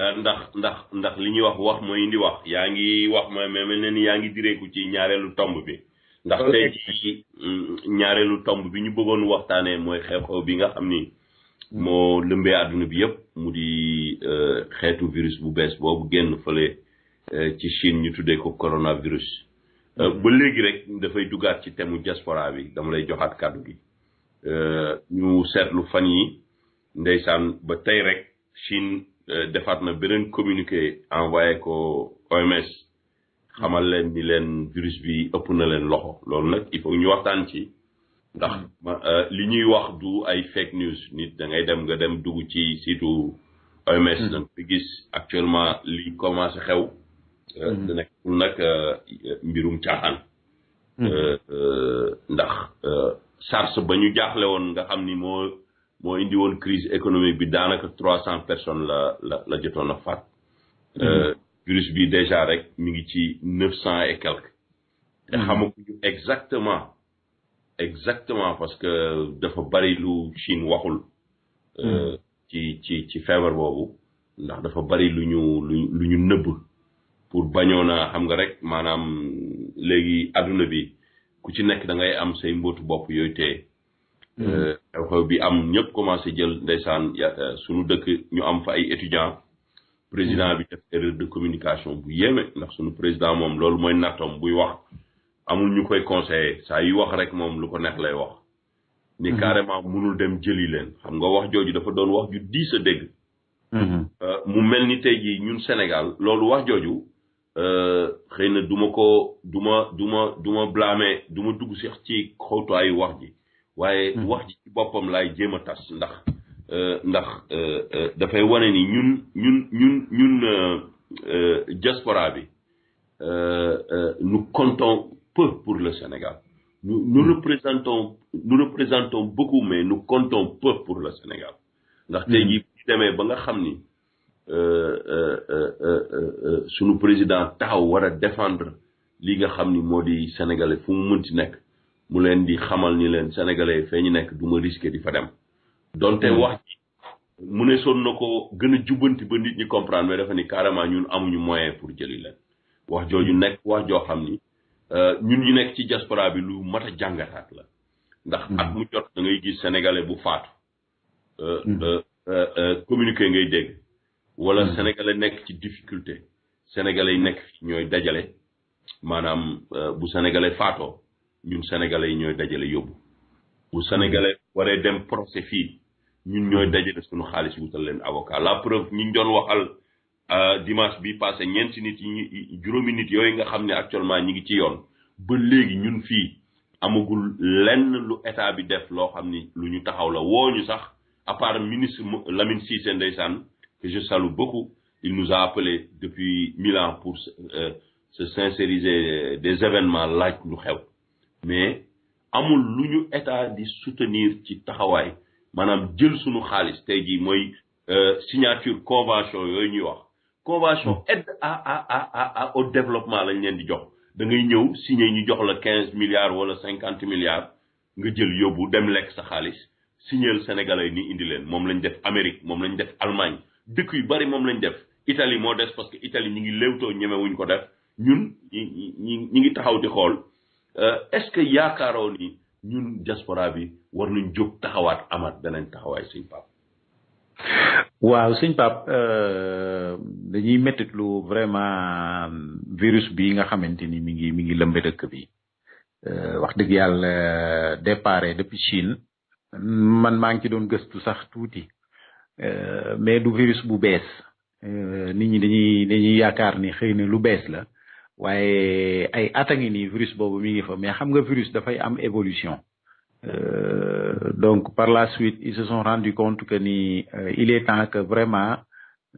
Eh, ndax ndax ndax li ñuy wax wax mooy indi wax yaa ngi wax mooy mais mel ne ni yaa ngi direeku ci ñaareelu tomb bi. ndax tey ci mm, bi ñu bëggoon waxtaanee mooy xew-xew bi nga xam ni moo lëmbee àdduna bi yëpp mu di eh, xeetu virus bu bees boobu génn fële eh, ci Chine ñu tuddee ko coronavirus. ba léegi rek dafay duggaat ci temu diaspora bi dama lay joxaat kàddu bi Euh, ñu seetlu fan yi ndeysaan ba tey rek Chine euh, defaat na beneen communiqué envoyé ko OMS xamal leen ni leen virus bi ëpp na leen loxo loolu nag il faut ñu waxtaan ci ndax mm. euh, li ñuy wax du ay fake news nit da ngay dem nga dem dugg ci siitu OMS mm. da nga gis actuellement li commencé xew mm. da nekkul nag ndax SARS ba ñu jaaxle woon nga xam ni moo moo indi woon crise économique bi daanaka trois cent personnes la la la jotoon a faat. Mm-hmm. Euh, virus bi déjà rek mi ngi ci neuf cent et quelques. te mm-hmm. xamaguñu exactement exactement parce que dafa bari lu Chine waxul. Euh, mm-hmm. ci ci ci feebar boobu ndax dafa bari lu ñu lu lu ñu nëbb pour bañoon a xam nga rek maanaam léegi adduna bi. ku ci nekk da ngay am say mbootu bopp yooyu tee mm. eh, xew bi am ñëpp commencé jël ndeysaan eh, suñu dëkk ñu am fa ay étudiants. président mm. bi def erreur de communication bu yéeme ndax suñu président moom loolu mooy nattoom buy wax amul ñu koy conseiller saa yi wax rek moom lu ko neex lay wax ni mm-hmm. carrément munul dem jëli leen xam nga wax jooju dafa doon wax ju di a dégg mm-hmm. eh, mu mel ni tey jii ñun Sénégal loolu wax jooju Euh, xëy na douma ko du ma du ma du ma blâmer du ma dugg sax ci xawtuwaayu wax ji waye hmm. wax ji ci boppam laay jéem a tas ndax euh, da euh, fay wane ni ñun ñun ñun ñun diaspora bi nous comptons peu pour le Sénégal nous nous hmm. représentons nous représentons beaucoup mais nous comptons peu pour le Sénégal ndax tey hmm. jii ba nga xamni Eh, eh, eh, sunu président taw war a défendre li nga xam ni moo di sénégalais fu mu mënti nekk mu leen di xamal ni leen sénégalais fee ñu nekk du ma di fa dem donte hmm. wax ji mu ne son na ko gën a ba nit ñi comprendre mais dafa ni carrément ñun amuñu moyen pour jëli leen wax jooju nekk wax joo xam ni euh, ñun ñu nekk ci diaspora bi lu mat a la ndax hmm. at mu jot da ngay gis sénégalais bu faatu euh, hmm. euh, communiqué ngay dégg wala mhm. sénégalais nekk ci difficulté sénégalais yi nekk ñooy dajale maanaam euh, bu sénégalais faatoo ñun sénégalais yi ñooy dajale yóbbu bu sénégalais waree dem procès fii ñun ñooy dajale suñu xaalis wutal leen avocat la preuve ñu doon waxal euh, dimanche bi passé ñeenti nit yi juróomi nit yooyu nga xam ne actuellement ñi ngi ci yoon ba léegi ñun fii amagul lenn lu état bi def loo xam ni lu ñu taxaw la woo ñu sax à part ministre Lamine Cissé ndeysaan que je salue beaucoup, il nous a appelés depuis mille ans pour euh, se sincériser euh, des événements que nous avons. mais amul lu état de soutenir ci taxaway manam jël sunu xaliss tey jii euh, signature convention yoy ñuy wax convention hmm. aide à à à au développement lañ leen di jox da ngay ñew signé ñu jox la quinze milliards wala 50 milliards nga jël yobu dem lek sa xaalis le sénégalais ni indi leen mom lañ def Amérique mom lañ def Allemagne dëkk yu bari moom lañ def Italie moo des parce que Italie ñi ngi léewtoo ñemewuñ ko def ñun ñi ñi ñi ngi taxaw di xool euh, est-ce que yaakaaroo ni ñun diaspora bi war jóg taxawaat amaat danañ taxawaay sëñ Pape. waaw sëñ Pape euh, dañuy mettitlu vraiment virus bi nga xamante ni mi ngi mi ngi lëmbe dëkk bi euh, wax dëgg yàlla départ depuis Chine man maa ngi ci doon gëstu sax tuuti. Euh, mais du virus bu euh nit ñi dañuy dañuy yaakaar ni xeyna lu bees la waaye ay atangi ni virus bobu mi ngi fa mais xam nga virus fay am évolution euh, donc par la suite ils se sont rendu compte que ni euh, il est temps que vraiment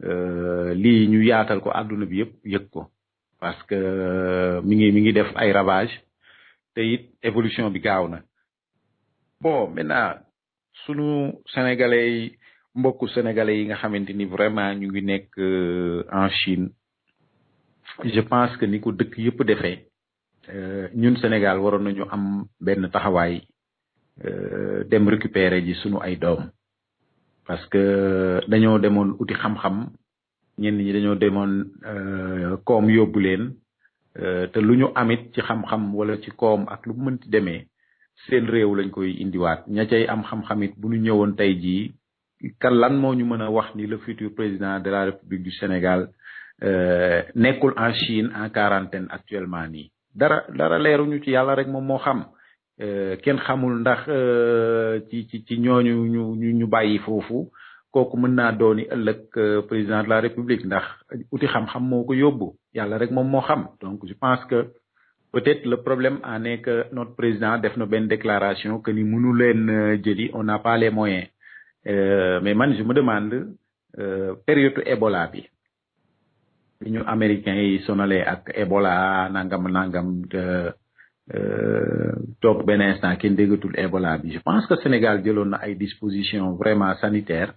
euh, li ñu yaatal ko aduna bi yëpp yëg ko parce que mi ngi mi ngi def ay ravage te it évolution bi gaaw na bon maintenant sunu sénégalais mbokku sénégalais yi nga xamante ni vraiment ñu ngi nekk euh, en Chine je pense que ni ko dëkk yëpp defee euh, ñun Sénégal waroon nañu am benn taxawaay euh, dem récupérer ji sunu ay doom parce que dañoo demoon uti xam-xam ñenn ñi dañoo demoon koom yóbbu leen te lu ñu amit ci xam-xam wala ci koom ak lu mënti demee seen réew lañ koy indiwaat ña am xam-xamit bu ñu ñëwoon tey jii kan lan moo ñu mën a wax ni le futur président de la république du Sénégal euh, nekkul en Chine en quarantaine actuellement nii dara dara leeruñu ci yàlla rek moom moo xam euh, kenn xamul ndax euh, ci ci ci ñooñu ñu ñu bàyyi foofu kooku mën naa dooni ëllëg président de la république ndax uti xam-xam moo ko yóbbu yàlla rek moom moo xam donc je pense que peut-être le problème en est que notre président def na benn déclaration que ni mënu leen jëli on n'a pas les moyens Euh, mais man je me demande euh, période Ebola bi bi ñu américains yi sonalee ak Ebola nangam nangam te euh, toog benn instant kenn déggatul Ebola bi je pense que Sénégal jëloon na ay dispositions vraiment sanitaires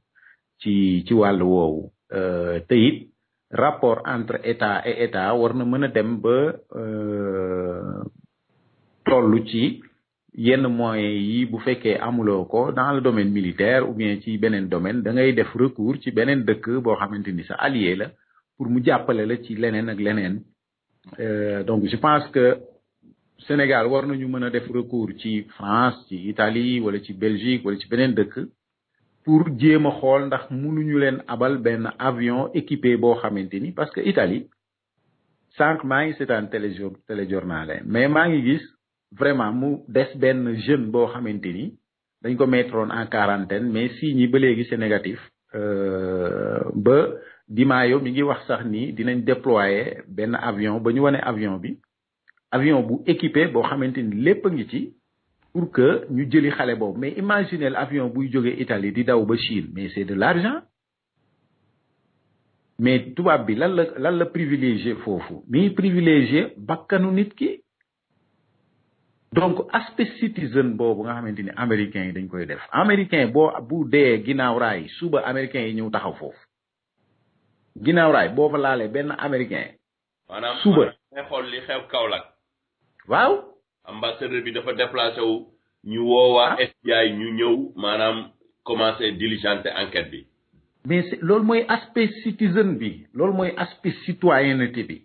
ci ci wàll woowu te it rapport entre état et état war na mën a dem ba ci yenn moyen yi bu fekkee amuloo ko dans le domaine militaire ou bien ci beneen domaine da ngay def recours ci beneen dëkk boo xamante ni sa allié la pour mu jàppale la ci leneen ak leneen euh, donc je pense que Sénégal war nañu mën a def recours ci France ci Italie wala ci Belgique wala ci beneen dëkk pour jéem a xool ndax mënuñu leen abal benn avion équipé boo xamante ni parce que Italie sànq maa ngi un téléjournal mais maa ngi gis vraiment mu des ben jeune bo xamanteni dañ ko mettroon en quarantaine mais si ñi ba légui c'est négatif euh ba Dimaayo mi ngi wax sax ni dinañ déployer ben avion ba ñu wone avion bi avion bu équipé bo xamanteni lepp ngi ci pour que ñu jëli xalé bob mais imaginez l'avion bu jógee Italie di daw ba Chine mais c'est de l'argent mais tubaab bi lan la lan la privilégier fofu mi privilégier bakkanu nit ki donc aspect citizen boobu nga xamante ni américains yi dañ koy def américain boo bu dee ginnaaw raay suba américains yi ñëw taxaw foofu ginnaaw raay boo fa laalee benn américain. suba maanaam xool li xew Kaolack. waaw. ambassadeur bi dafa déplacé wu. ñu woowaa ah. FBI ñu ñëw maanaam commencé diligenter enquête bi. mais loolu mooy aspect citizen bi loolu mooy aspect citoyenneté bi.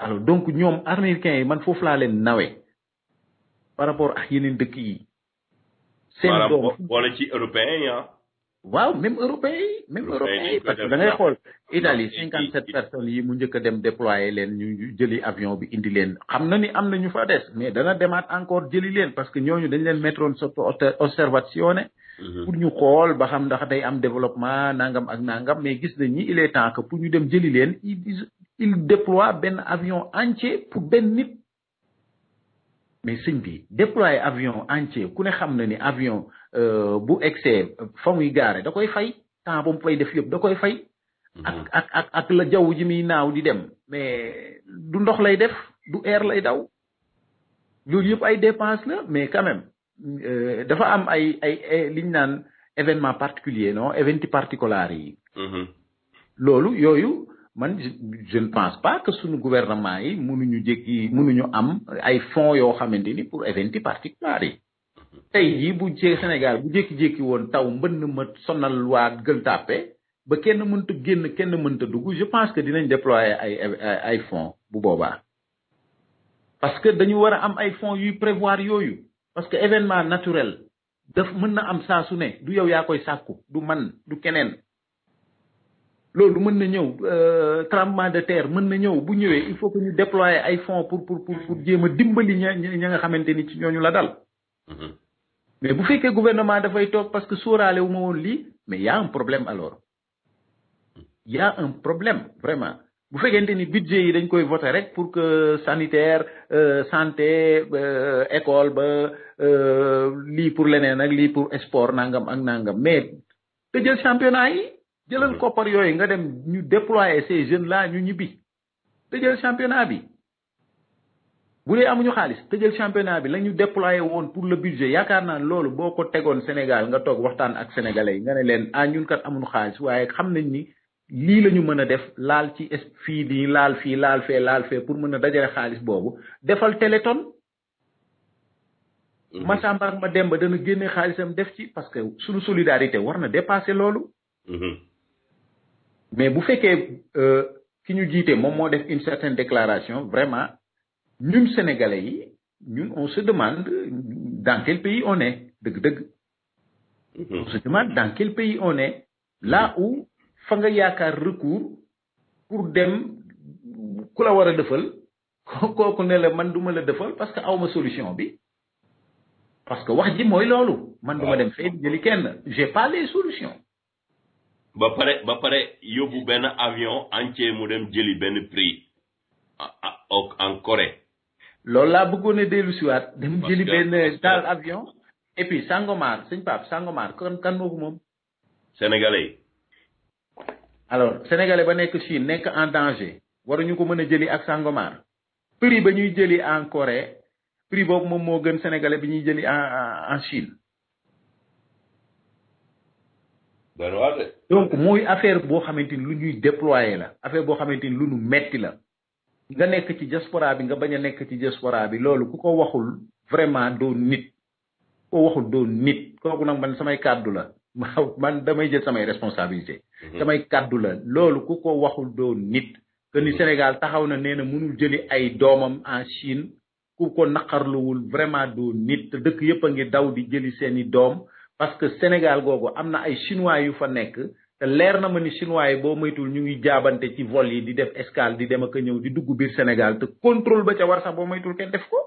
alors donc ñoom américains yi man foofu laa leen nawe par rapport ak yeneen dëkk yi. seen doom boole ci européens yi ah. waaw même européens yi. même européens yi parce que xool Italie cinquante sept personnes yi mu njëkk a dem déployer leen ñu jëli avion bi indi leen xam na ni am na ñu fa des mais dana demaat encore jëli leen parce que ñooñu dañu leen mettroon surtout observation ne. Mhm. pour ñu xool ba xam ndax day am développement nangam ak nangam mais gis nañ ñi il est temps que pour ñu dem jëli leen il déploie un avion entier pour ben nit mais Sindhi, déployer avion entier ku ne ni avion euh, bu excès famuy muy da koy fay temps ba def yeb da fay. Mhm. la di dem mais du ndox lay def du air lay daw Il ay la mais quand même euh, dafa am ay ay liñ événement particulier non Événement particulier mhm. man je ne pense pas que suñu gouvernement yi munu ñu mënuñu munu ñu am ay fonds yoo xamante ni pour event yi particulier yi tey jii bu jé Sénégal bu jékki-jékki woon taw mbënn ma sonal waa Gueule Tapée ba kenn mënta génn kenn mënta dugg je pense que dinañ déployer ay ay fonds bu boobaa parce que dañu war a am ay fonds yuy prévoir yooyu parce que événement naturel daf mën na am saa su ne du yow yaa koy sàkku du man du keneen loolu mën na ñëw euh, tremblement de terre mën na ñëw bu ñëwee il faut que ñu déployer ay fonds pour pour pour pour jéem a dimbali ña ña nga xamante ni ci ñooñu la dal. Mm-hmm. mais bu fekkee gouvernement dafay toog parce que sóoraale wu ma woon lii mais y a un problème alors y a un problème vraiment bu fekkente ni budget yi dañ koy voter rek pour que sanitaire euh, santé euh, école ba lii pour leneen ak lii pour sport nangam ak nangam mais te jël championnat yi. jëlal koppar yooyu nga dem ñu déployer ces jeunes laa ñu ñibbi tëjal championnat bi bu dee amuñu xaalis tëjal championnat bi la ñu déployer woon pour le budget yaakaar naa loolu boo ko tegoon Sénégal nga toog waxtaan ak sénégalais yi nga ne leen ah ñun kat amuñu xaalis waaye xam nañ ni lii la ñu mën a def laal ci fii di laal fii laal fee laal fee pour mën a dajale xaalis boobu defal téléthon. Mhm. Massamba ak Mademba dana génne xaalisam def ci parce que suñu solidarité war na dépasser loolu. Mhm. mais bu qui nous nous dit un moment def une certaine déclaration vraiment nous, sénégalais nous on se demande dans quel pays on est mm-hmm. on se demande dans quel pays on est là où fa a un recours pour dem ku la war le defal qu'il ne a man duma la defal parce que awma solution bi parce que wax ji mooy loolu man duma dem fay jëli je j'ai pas les solutions ba pare ba pare yóbbu benn avion entier mu dem jëli benn prix en Corée. loolu laa bëggoon a dellu siwaat dem jëli benn daal avion et puis Sangomar sëñ Pape Sangomar kan kan moo ko moom. sénégalais alors sénégalais ba nekk Chine nekk en danger ñu ko mën a jëli ak Sangomar prix ba ñuy jëli en Corée prix boobu moom moo gën sénégalais bi ñuy jëli en en Chine. donc mooy affaire boo xamante ni lu ñuy déployer la affaire boo xamante ni lu ñu metti la nga nekk ci diaspora bi nga bañ a nekk ci diaspora bi loolu ku ko waxul vraiment doo nit ko waxul doo nit kooku nag man samay kàddu la man damay jël samay responsabilité mhm. samay kàddu la loolu ku ko waxul doo nit que ni mhm. sénégal taxaw na nee na mënul jëli ay doomam en chine ku ko naqarluwul vraiment doo nit te dëkk yépp a ngi daw di jëli seeni doom parce que Sénégal gogo amna ay chinois yu fa nek te leer na ma ni chinois yi boo moytul ñu ngi jaabante ci vol yi di def escale di dem ak di dugg biir Sénégal te contrôle ba ca war sax bo moytul ken def ko.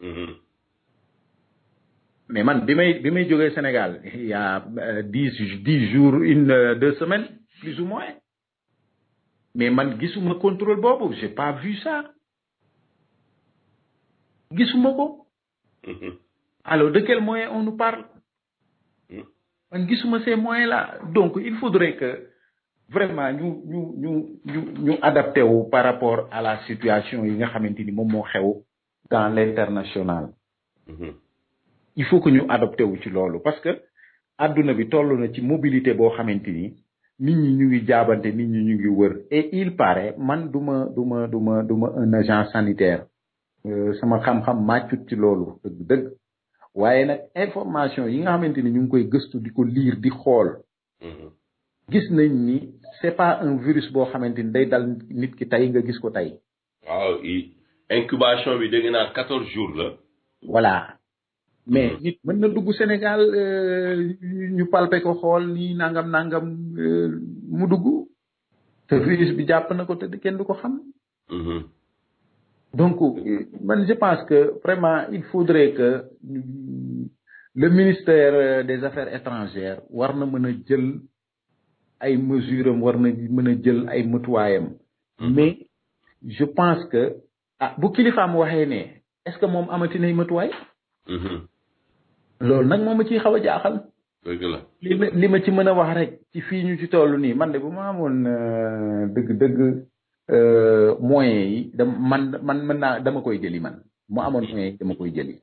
Mm-hmm. mais man bi may bi may Sénégal il y a euh, dix dix jours une euh, deux semaines plus ou moins mais man gisuma contrôle bobu j'ai pas vu ça gisuma ko. Mm-hmm. alors de quel moyen on nous parle man gisuma ces moyens là donc il faudrait que vraiment ñu ñu ñu ñu ñu adapté par rapport à la situation yi nga xamanteni mom mo xew dans l'international mhm. il faut que ñu adopté wu ci lolu parce que aduna bi tollu na ci mobilité bo xamanteni nit ñi ñu ngi jaabante nit ñi ñu ngi wër et il paraît man du ma du ma du ma du ma un agent sanitaire euh, sama xam-xam ma ci lolu deug deug waaye nag information yi nga xamante ni ñu ngi koy gëstu di ko liir di xool. Mm-hmm. gis nañ ni c'est pas un virus boo xamante ni day dal nit ki tey nga gis ko tey. waaw incubation bi dégg naa quatorze jours la. voilà. mais mm-hmm. nit mën na dugg Sénégal euh, ñu palpe ko xool nii nangam nangam euh, mu dugg. te virus bi jàpp na ko te kenn du ko xam. Mm-hmm. Donc, ben, je pense que vraiment, il faudrait que euh, le ministère euh, des Affaires étrangères Warne na jël ay mesures Warne war na jël ay mutuayam. Mhm. mais je pense que ah bu kilifaam waxé né est-ce que mom amati nay mutuay? Mhm. loolu nag moom nak ciy ci xawa jaxal. dëgg la li ma ci mën wax rek ci fii ñu ci tollu ni man de bu ma amoon euh, dëgg dëgg. Euh, moyens yi dama man man man naa dama koy jëli man mu amoon moyens yi dama koy jëli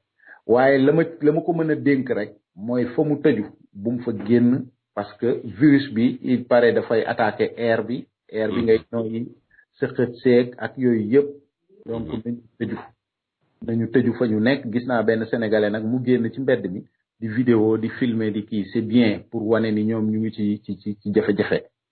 waaye la ma la ma ko mën a dénk rek mooy fa mu tëju bu mu fa génn parce que virus bi il paraît dafay attaqué air bi air bi mm. ngay nooyi sëqët seeg ak yooyu yëpp donc mm. nañu tëju nañu tëju fa ñu nekk gis naa benn sénégalais nag mu génn ci mbedd mi di vidéo di filmer di kii c'est bien pour wane ni ñoom ñu ngi ci ci ci ci jafe-jafe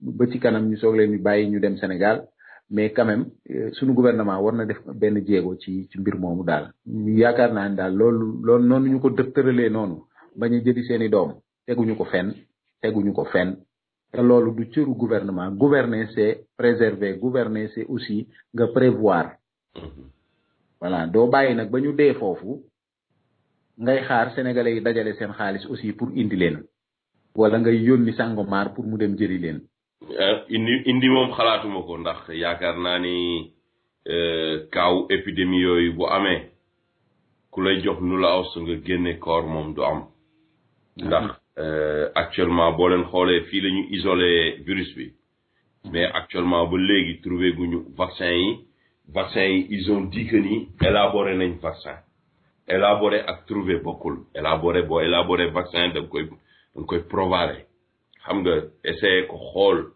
ba ci kanam ñu soog leen di bàyyi ñu dem Sénégal mais quand même euh, suñu gouvernement war na def benn jéego ci ci mbir moomu daal ñu yaakaar naa ne daal loolu loolu noonu ñu ko tëralee noonu ba ñu jëli seen i doom teguñu ko fenn teguñu ko fenn te loolu du cëru gouvernement gouverner c'est préserver gouverner c'est aussi nga prévoir voilà doo bàyyi nag ba ñu dee foofu ngay xaar sénégalais yi dajale seen xaalis aussi pour indi leen wala ngay yónni Sangomar pour mu dem jëli leen Euh, indi indi moom xalaatuma ko ndax yaakaar naa ni euh, kaaw épidémie yooyu bu amee ku lay jox nu la aw su nga génne koor moom du am ndax euh, actuellement boo xoolee fii lañu ñu isolé virus bi mais actuellement ba léegi trouvé ñu vaccin yi vaccin yi ils ont yi que ni élaboré nañ vaccin élaboré ak trouvé bokkul élaboré boo élaboré vaccin da nga koy da koy provaré xam nga essayé ko xool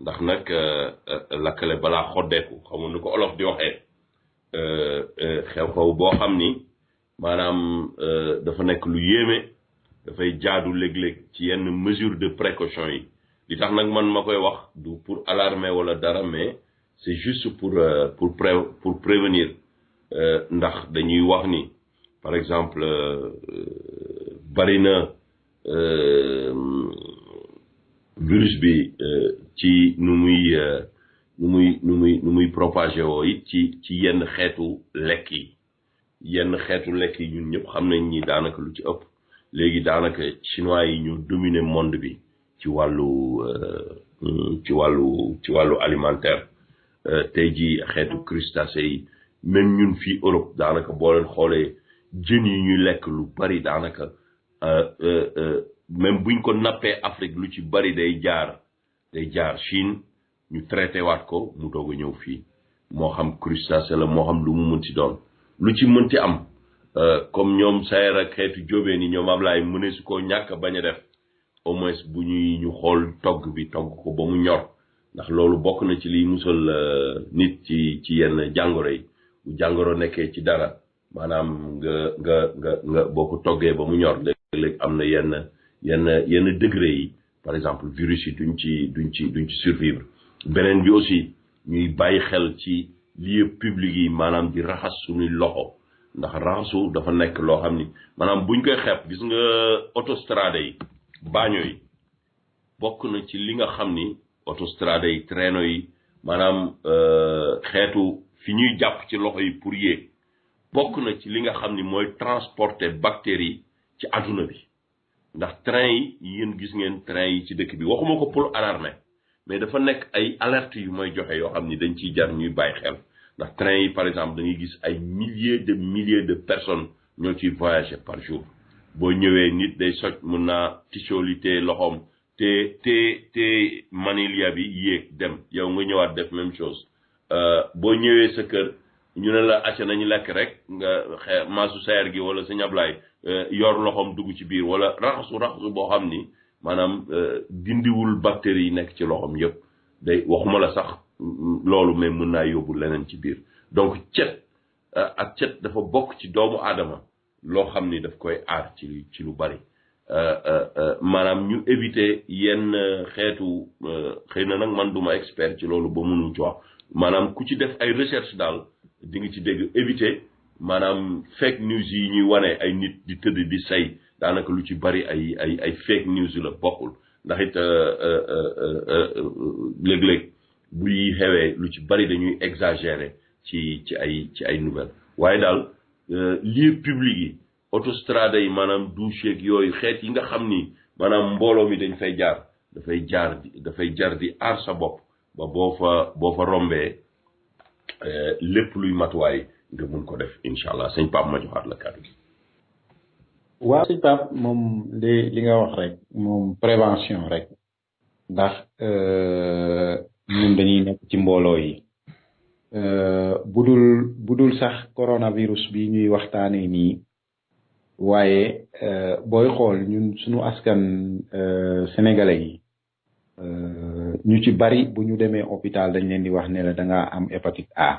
ndax nag euh, euh, lakkale balaa xoddeeku ko olof di waxee euh, xew-xew boo xam ni maanaam dafa nekk lu yéeme dafay jaadu léeg ci yenn mesure de précaution yi li tax nag man pour alarmer wala dara mais c'est juste pour pour pour prévenir ndax dañuy wax ni par exemple bari virus bi e, ci e, nu muy nu muy nu muy muy propagé woo ci ci yenn xeetu lekk yi yenn xeetu lekk yi ñun ñëpp xam nañ ni daanaka lu ci ëpp léegi daanaka chinois yi ñu dominer monde bi ci wàllu e, ci wàllu ci wàllu alimentaire tey ji xeetu crustacé yi même ñun fii Europe daanaka boo leen xoolee jën yi ñuy lekk lu bari daanaka même buñ ko nappee Afrique lu ci bari day jaar day jaar Chine ñu traité waat ko mu doog a ñëw fii moo xam crustacé la moo xam lu mu mënti doon lu ci mënti am euh, comme ñoom Sayer ak xeetu jóobee ni ñoom Ablaye laay ne su ko ñàkk bañ a def au moins bu ñuy ñu xool togg bi togg ko ba mu ñor ndax loolu bokk na ci liy musal euh, nit ci ci yenn jàngoro yi bu jàngoro nekkee ci dara maanaam nga nga nga nga boo ko toggee ba mu ñor léeg-léeg am na yenn yenn yenn degré yi par exemple virus yi duñ ci duñ ci duñ ci survivre beneen bi aussi ñuy bàyyi xel ci lieu public yi maanaam di raxas suñuy loxo ndax raxasu dafa nekk loo xam ni maanaam buñ koy xeeb gis nga autostrade yi baaño yi bokk na ci li nga xam ni autostrade yi traîneau yi maanaam euh, xeetu fi ñuy jàpp ci loxo yi pour yéeg bokk na ci li nga xam ni mooy transporter yi ci àdduna bi ndax train yi yéen gis ngeen train yi ci dëkk bi waxuma ko pour alarmer mais dafa nekk ay alerte yu may joxe yoo xam ni dañ ci jar ñuy bàyyi xel ndax train yi par exemple da ngay gis ay milliers de milliers de personnes ñoo ciy voyager par jour boo ñëwee nit day soj mun naa tisolité loxoom te te te manilia bi yéeg dem yow nga ñëwaat def même chose euh, boo ñëwee sa kër ñu ne la acca nañu lekk rek nga xe maasu gi wala sa ñablaay euh, yor loxoom dugg ci biir wala raxasu raxasu boo xam ni maanaam euh, dindiwul bactéries yi nekk ci loxoom yëpp day waxuma la sax mm, loolu mais mën naa yóbbu leneen ci biir donc cet euh, ak cet dafa bokk ci doomu aadama loo xam ni daf koy aar ci ci lu bari maanaam ñu éviter yenn xeetu xëy na nag man duma expert ci loolu ba mënu ci wax maanaam ku ci def ay recherche daal dinga ci dégg éviter maanaam fake news yi ñuy wane ay nit di tëdd di say daanaka lu ci bari ay ay ay fake news la bokkul ndax it euh, euh, euh, léeg-léeg bu xewee lu ci bari dañuy exagérer ci ci ay ci ay nouvelles waaye daal lieux publics yi autostrade yi maanaam douche yooyu xeet yi nga xam ni maanaam mbooloo mi dañ fay jaar dafay jaar dafay jar di aar sa bopp ba boo fa boo fa rombee Eh, lepp luy matuwaay nga mun ko def incha allah sëñ Pape ma joxaat la kàddu gi. waaw sëñ Pape moom li li nga wax rek moom prévention rek ndax eh, ñun dañuy nekk ci mbooloo yi. Eh, budul budul sax coronavirus bi ñuy waxtaanee nii waaye booy xool ñun suñu askan sénégalais yi ñu ci bari bu ñu demee hôpital dañ leen di wax ne la am hépatite A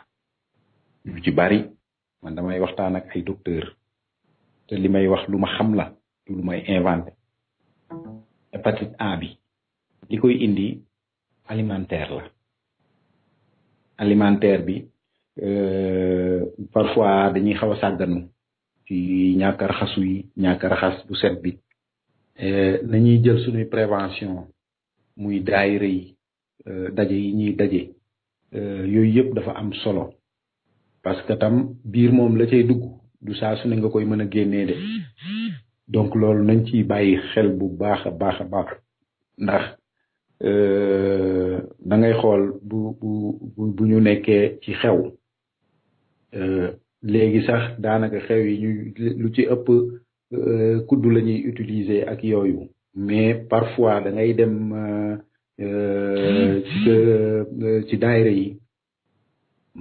ñu ci bari man damay waxtaan ak ay docteur te li may wax lu ma xam la lu may inventé hépatite A bi li koy indi alimentaire la alimentaire bi euh, parfois dañuy xaw a sàgganu ci ñàkk a raxasu yi ñàkk raxas bu set bi euh, nañuy jël suñuy prévention muy daayira yi Euh, daje yi ñuy daje euh, yooyu yëpp dafa am solo parce que tam biir moom la cay dugg du saasu ne nga koy mën a génnee de donc loolu nañ ci bàyyi xel bu baax a baax a baax ndax euh, da ngay xool bu bu bu ñu nekkee ci xew léegi sax daanaka xew yi ñuy lu ci ëpp kudd la ñuy utiliser ak yooyu mais parfois da dem ci ci daayira yi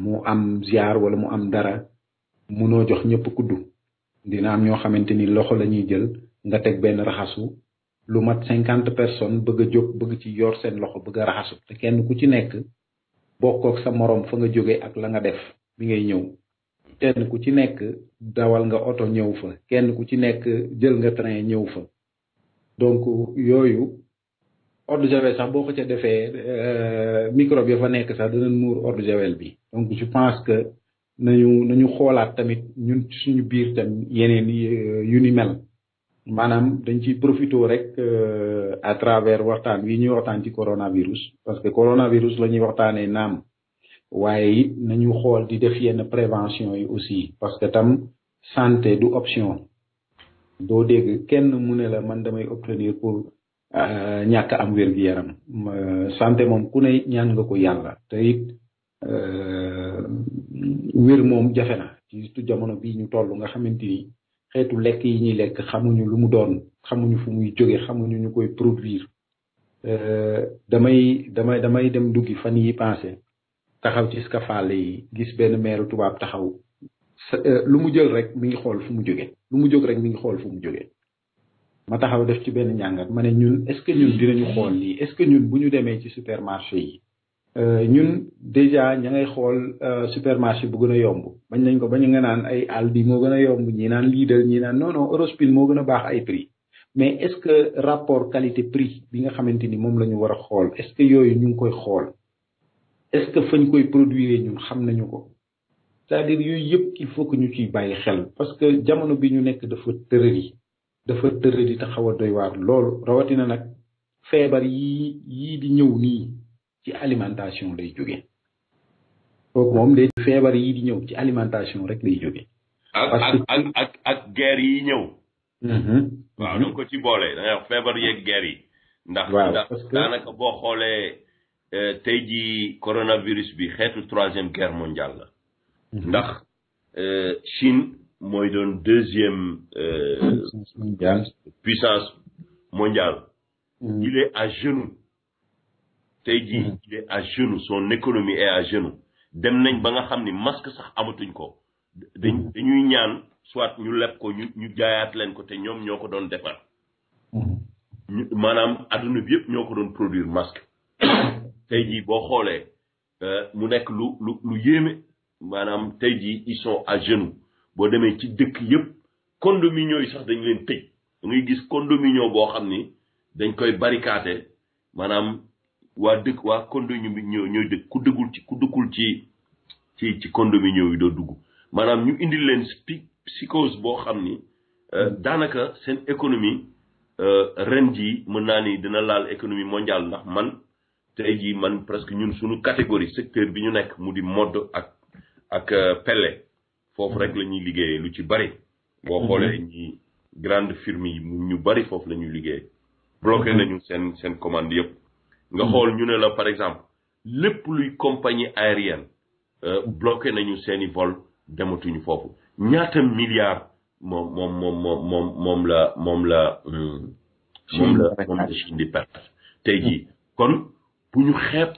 mu am ziar wala mu am dara munoo jox ñëpp kuddu dina am ñoo xamante ni loxo la ñuy jël nga teg benn raxasu lu mat 50 personnes bëgg a jóg bëgg ci yor seen loxo bëgg raxasu te kenn ku ci nekk bokkoog sa morom fa nga jóge ak la nga def bi ngay ñëw kenn ku ci nekk dawal nga oto ñëw fa kenn ku ci nekk jël nga train ñëw fa donc yooyu eau de javel sax boo ko ca defee euh, microbe ya fa nekk sax dañu mur eau de bi donc je pense que nañu nañu xolaat tamit ñun ci suñu biir tam yeneen euh, yu ni mel manam dañ ci profito rek euh, à travers waxtaan wi ñu waxtaan ci coronavirus parce que coronavirus la ñuy naam waye nañu xol di def yenn prévention yi aussi parce que tam santé du option do dégg kenn mu ne la man damay obtenir pour Euh, ñàkk am wér-gu-yaram santé moom ku ne ñaan nga ko yàlla te it euh, wér moom jafe na ci surtout jamono bii ñu toll nga xamante ni xeetu lekk yi ñuy lekk xamuñu lu mu doon xamuñu fu muy jóge xamuñu ñu koy produire euh, damay damay damay dem duggi fan yi passé taxaw ci scaphandre yi gis benn meeru tubaab taxaw lu mu jël rek mi ngi xool fu mu jóge lu mu jóg rek mi ngi xool fu mu jóge ma taxaw def ci benn njàngat ma ne ñun est ce que ñun dinañu xool lii est ce que ñun bu ñu demee ci supermarché yi euh, ñun dèjà ña ngay xool euh, supermarché bu gën a yomb bañ nañ ko bañ nga naan ay aldi moo gën a yomb ñii naan lidal ñii naan non non eurospin moo gën a baax ay prix mais est ce que rapport qualité prix bi nga xamante ni moom la ñu war a xool est ce que yooyu ñu ngi koy xool est ce que fañ koy produire ñun xam nañu ko c'est à dire yooyu yëpp il faut que ñu ciy bàyyi xel parce que jamono bi ñu nekk dafa tërëri dafa tërë di taxaw a doy waar loolu rawatina nag feebar yii yii di ñëw nii ci alimentation lay jóge kooku moom feebar yii di ñëw ci alimentation rek lay jóge ak ger ak yi ñëw mm-hmm. waaw da nga ko ci boole da ngay feebar yeeg guerre yi ndax ndax daanaka boo xoolee euh, tey ji coronavirus bi xeetu troisième guerre mondiale mm-hmm. ndax euh, Chine mooy doon deuxième euh, puissance mondiale mm-hmm. il est à genoux tey mm-hmm. il est à genoux son économie est à genoux dem nañ ba nga xamni masque sax amatuñ ko dañ mm-hmm. dañuy ñaan soit ñu lepp ko ñu ñu jaayaat leen ko te ñom ñoko ko doon manam maanaam bi yëpp produire masque tey bo xolé euh mu nek lu lu yéme manam maanaam ils sont à genoux boo demee ci dëkk yëpp condominium yi sax dañ leen tëj da ngay gis condominium boo xam ni dañ koy barikaate maanaam waa dëkk waa condominium bi ñoo ñooy dëkk ku dëggul ci ku dëkkul ci ci ci condominium yi doo dugg maanaam ñu indil leen psychose boo xam ni euh, daanaka seen économie euh, ren ji mën naa ni dina laal économie mondiale ndax man te jii man presque ñun suñu catégorie secteur bi ñu nekk mu di mode ak ak euh, pelle foofu rek la ñuy liggéeyee lu ci bari. boo xoolee mhm. ñi grande firme yi ñu bari foofu la ñuy liggéey bloqué mhm. nañu seen seen commande yëpp. nga mhm. xool ñu ne la par exemple lépp luy compagnie aérienne euh, bloqué nañu seeni vol dematuñu foofu ñaata milliards moom moom moom moom la moom la. moom la euh, moom tey jii kon bu ñu xeeb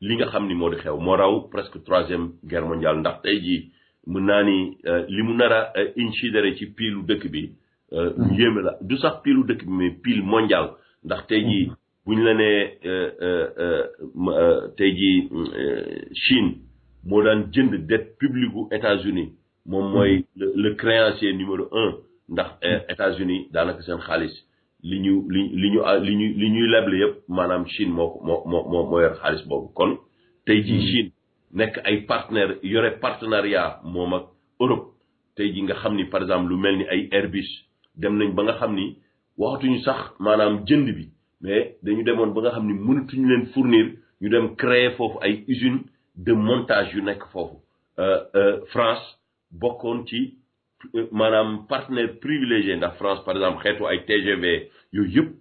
li nga xam ni moo di xew moo raw presque troisième guerre mondiale ndax tey jii. munani limunara ni euh, li mu nar a euh, insidéré ci piilu dëkk bi euh, mm-hmm. la du sax piilu dëkk bi mais pile mondial ndax tey jii mm-hmm. bu ñu la nee tey jii Chine mo daan jënd dette publique gu États-Unis mom moy mm-hmm. le créancier numéro 1 ndax États-Unis danaka sen xaalis liñu liñu liñu liñuy ñu yépp manam Chine moko mo mo mo yor xaalis bobu kon tey jii Chine nekk ay partenaire yore partenariat moom ak Europe tey jii nga xam ni par exemple lu mel ni ay Airbus dem nañ ba nga xam ni waxatuñu sax maanaam jënd bi mais dañu demoon ba nga xam ni mënatuñu leen fournir ñu dem créer foofu ay usine de montage yu nekk foofu euh, euh, France bokkoon ci euh, maanaam partenaire privilégié ndax France par exemple xeetu ay TGV yooyu yëpp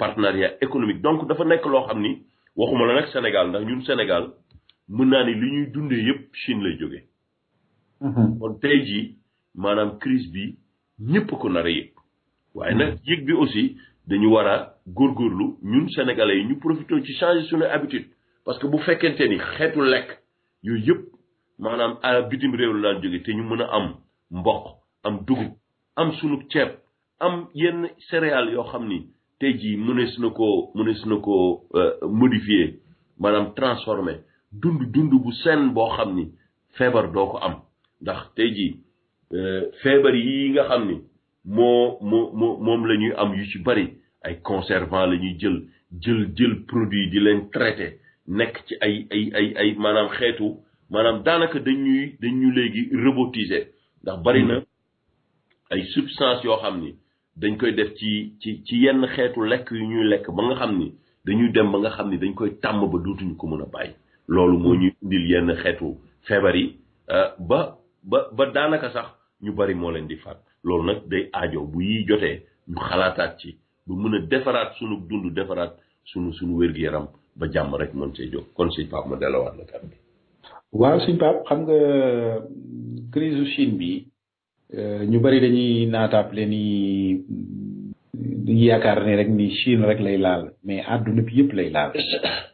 partenariat économique donc dafa nekk loo xam ni waxuma la nag Sénégal ndax ñun Sénégal mën naa ni li ñuy dundee yëpp Chine lay jóge mhm. kon tey jii maanaam crise bi ñëpp ko nar a yëg. waaye nag mhm. yëg bi aussi dañu war a góorlu ñun sénégalais yi ñu profité ci changer suñu habitude. parce que bu fekkente ni xeetu lekk yooyu yëpp maanaam a bitim réew la daan jóge te ñu mën a am mboq am dugub am sunu ceeb am yenn céréales yoo xam ni tey jii mënees na koo mënees na koo euh, modifier maanaam transformer dund dund bu seen boo xam ni feebar doo ko am ndax tey jii euh, feebar yi nga xam ni moo moo moo moom la ñuy am yu ci bari ay conservant lañuy jël jël jël produit di leen traité nekk ci ay ay ay ay maanaam xeetu maanaam daanaka dañuy dañu léegi robotiser ndax bari na ay substance yoo xam ni dañ koy def ci ci ci yenn xeetu lekk yu ñuy lekk ba nga xam ni dañuy dem ba nga xam ni dañ koy tàmm ba dootuñu ko mën a bàyyi loolu moo ñu indil yenn xeetu feebar yi euh, ba ba ba daanaka sax ñu bari moo leen di faat loolu nag day aajo bu yi jotee ñu xalaataat ci ba mën a defaraat sunu dund defaraat sunu sunu wér-gu-yaram ba jàmm rek mën see jóg kon sëñ Pape ma delawaat la kàddu waaw sëñ Pape xam nga crise Chine bi euh, ñu bari dañuy naataable ni duñu yaakaar ne rek ni Chine rek lay laal mais àdduna bi yëpp lay laal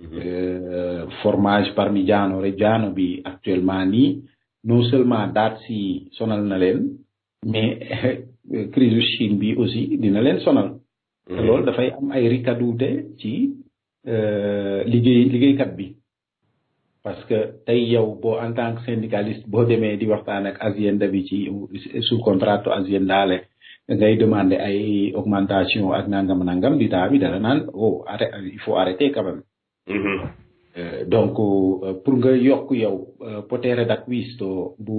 Eh, fromage parmigiano reggiano bi actuellement nii non seulement daat si sonal na leen mais eh, crise Chine bi aussi dina leen sonal mm-hmm. te loolu dafay am ay ricadute ci eh, liggéey liggéeykat bi parce que tey yow boo en tant que syndicaliste boo demee di waxtaan ak azienda bi ci sous contrat daal la ngay demander ay augmentation ak nangam nangam di taa bi dala naan oh arrêt il faut arrêter quand Mm-hmm. Euh, donc euh, pour nga yokk yow euh, potere d'acquisto bu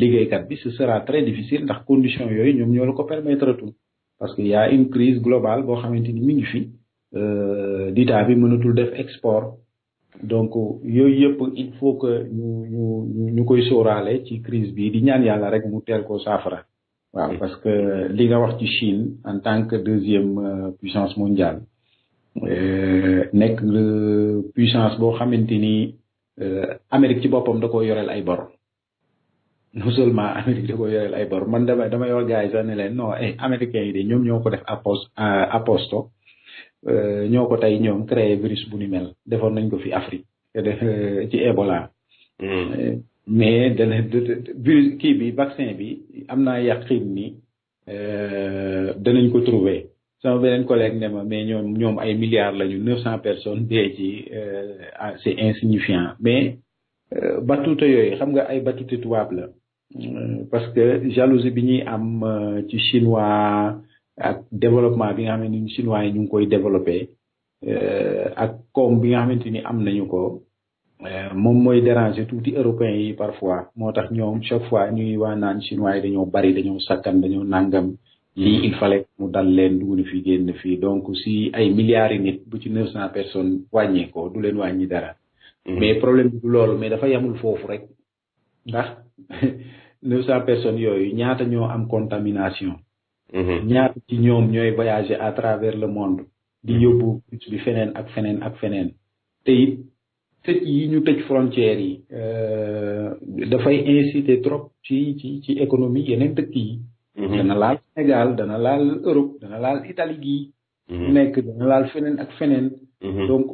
liggéeykat bi ce sera très difficile ndax condition yooyu ñoom ñool ko permettre tout parce que ya une crise globale boo xamante ni mi ngi fi ditaa bi mënatul def export donc yooyu yëpp il faut que ñu koy sorale ci crise bi di ñaan yàlla rek mu teel ko saafara waaw parce que li nga wax ci Chine en tant que deuxième puissance mondiale Eh, nekk puissance boo xamante ni eh, Amérique ci boppam da koo yorel ay bor non seulement Amérique ay bor man dama dama yor gars yi leen ay eh, américains yi de ñoom ñoo ko def apos aposto ñoo ko tey ñoom créé virus bu ni defoon nañ ko fi Afrique ci Ebola. Hmm. mais dana virus kii bi vaccin bi am naa yaqin ni danañ ko trouver. sama beneen collègue ne ma mais ñoom ñoom ay milliards lañu 900 personnes dee ci euh, ah, c'est insignifiant mais euh, batute yooyu xam nga ay batute tubaab la euh, parce que jalousie bi ñuy am ci chinois ak développement bi nga xamante ni chinois yi ñu ngi koy développé ak koom bi nga xamante ni am nañu ko moom mooy déranger tuuti européens yi parfois moo tax ñoom chaque fois ñuy waa naan chinois yi dañoo bari dañoo sakkan dañoo nàngam lii il fallait mu dal leen dugg na fii donc si ay milliards nit bu ci 900 cent personnes ko du len wàññi dara. Mm-hmm. mais problème du lool mais dafa yamul fofu rek ndax 900 cent personnes yooyu ñaata ñoo am contamination. Mm-hmm. ñaata ci ñoom ñoy voyager à travers le monde. di mm-hmm. yóbbu bi fenen ak fenen ak fenen te it tëj yi ñu tëj frontières yi. Euh, dafay inciter trop ci ci ci économie yeneen dëkk yi. Mm-hmm. dana laal Sénégal dana laal Europe dana laal Italie gii. Mm-hmm. nekk dana laal feneen ak feneen. Mm-hmm. donc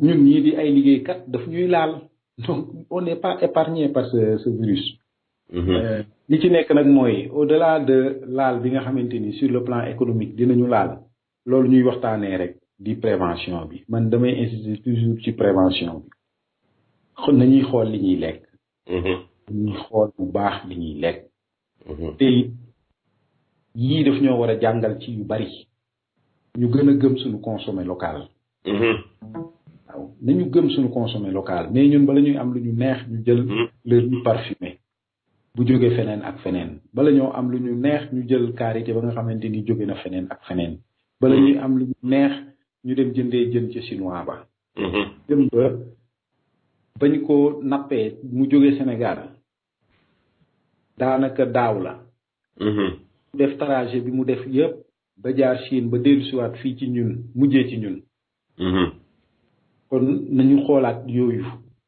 ñun ñii di ay liggéeykat daf ñuy laal donc on est pas épargné par ce ce virus. Euh, li ci nekk nag mooy au-delà de laal bi nga xamante ni sur le plan économique dinañu laal loolu ñuy waxtaanee rek di prévention bi man damay insister toujours ci prévention bi kon nañuy xool li ñuy lekk. ñuy xool bu baax li ñuy lekk. te yii daf ñoo war a jàngal ci yu bari ñu gën a gëm suñu consommé local mm-hmm. waaw nañu gëm suñu consommé local mais ñun bala ñuy am lu ñu neex ñu jël mm-hmm. leur ñu parfumé bu jógee feneen ak feneen bala ñoo am lu ñu neex ñu jël karité ba nga xamante ni jóge na feneen ak feneen bala ñuy am lu ñu neex ñu dem jëndee jën ca chinois ba mm-hmm. bañ ko nappee mu jógee Sénégal daanaka daaw la def trajet bi mu def yëpp ba jaar Chine ba dellusiwaat fii ci ñun mujjee ci ñun. Mm-hmm. kon nañu xoolaat yooyu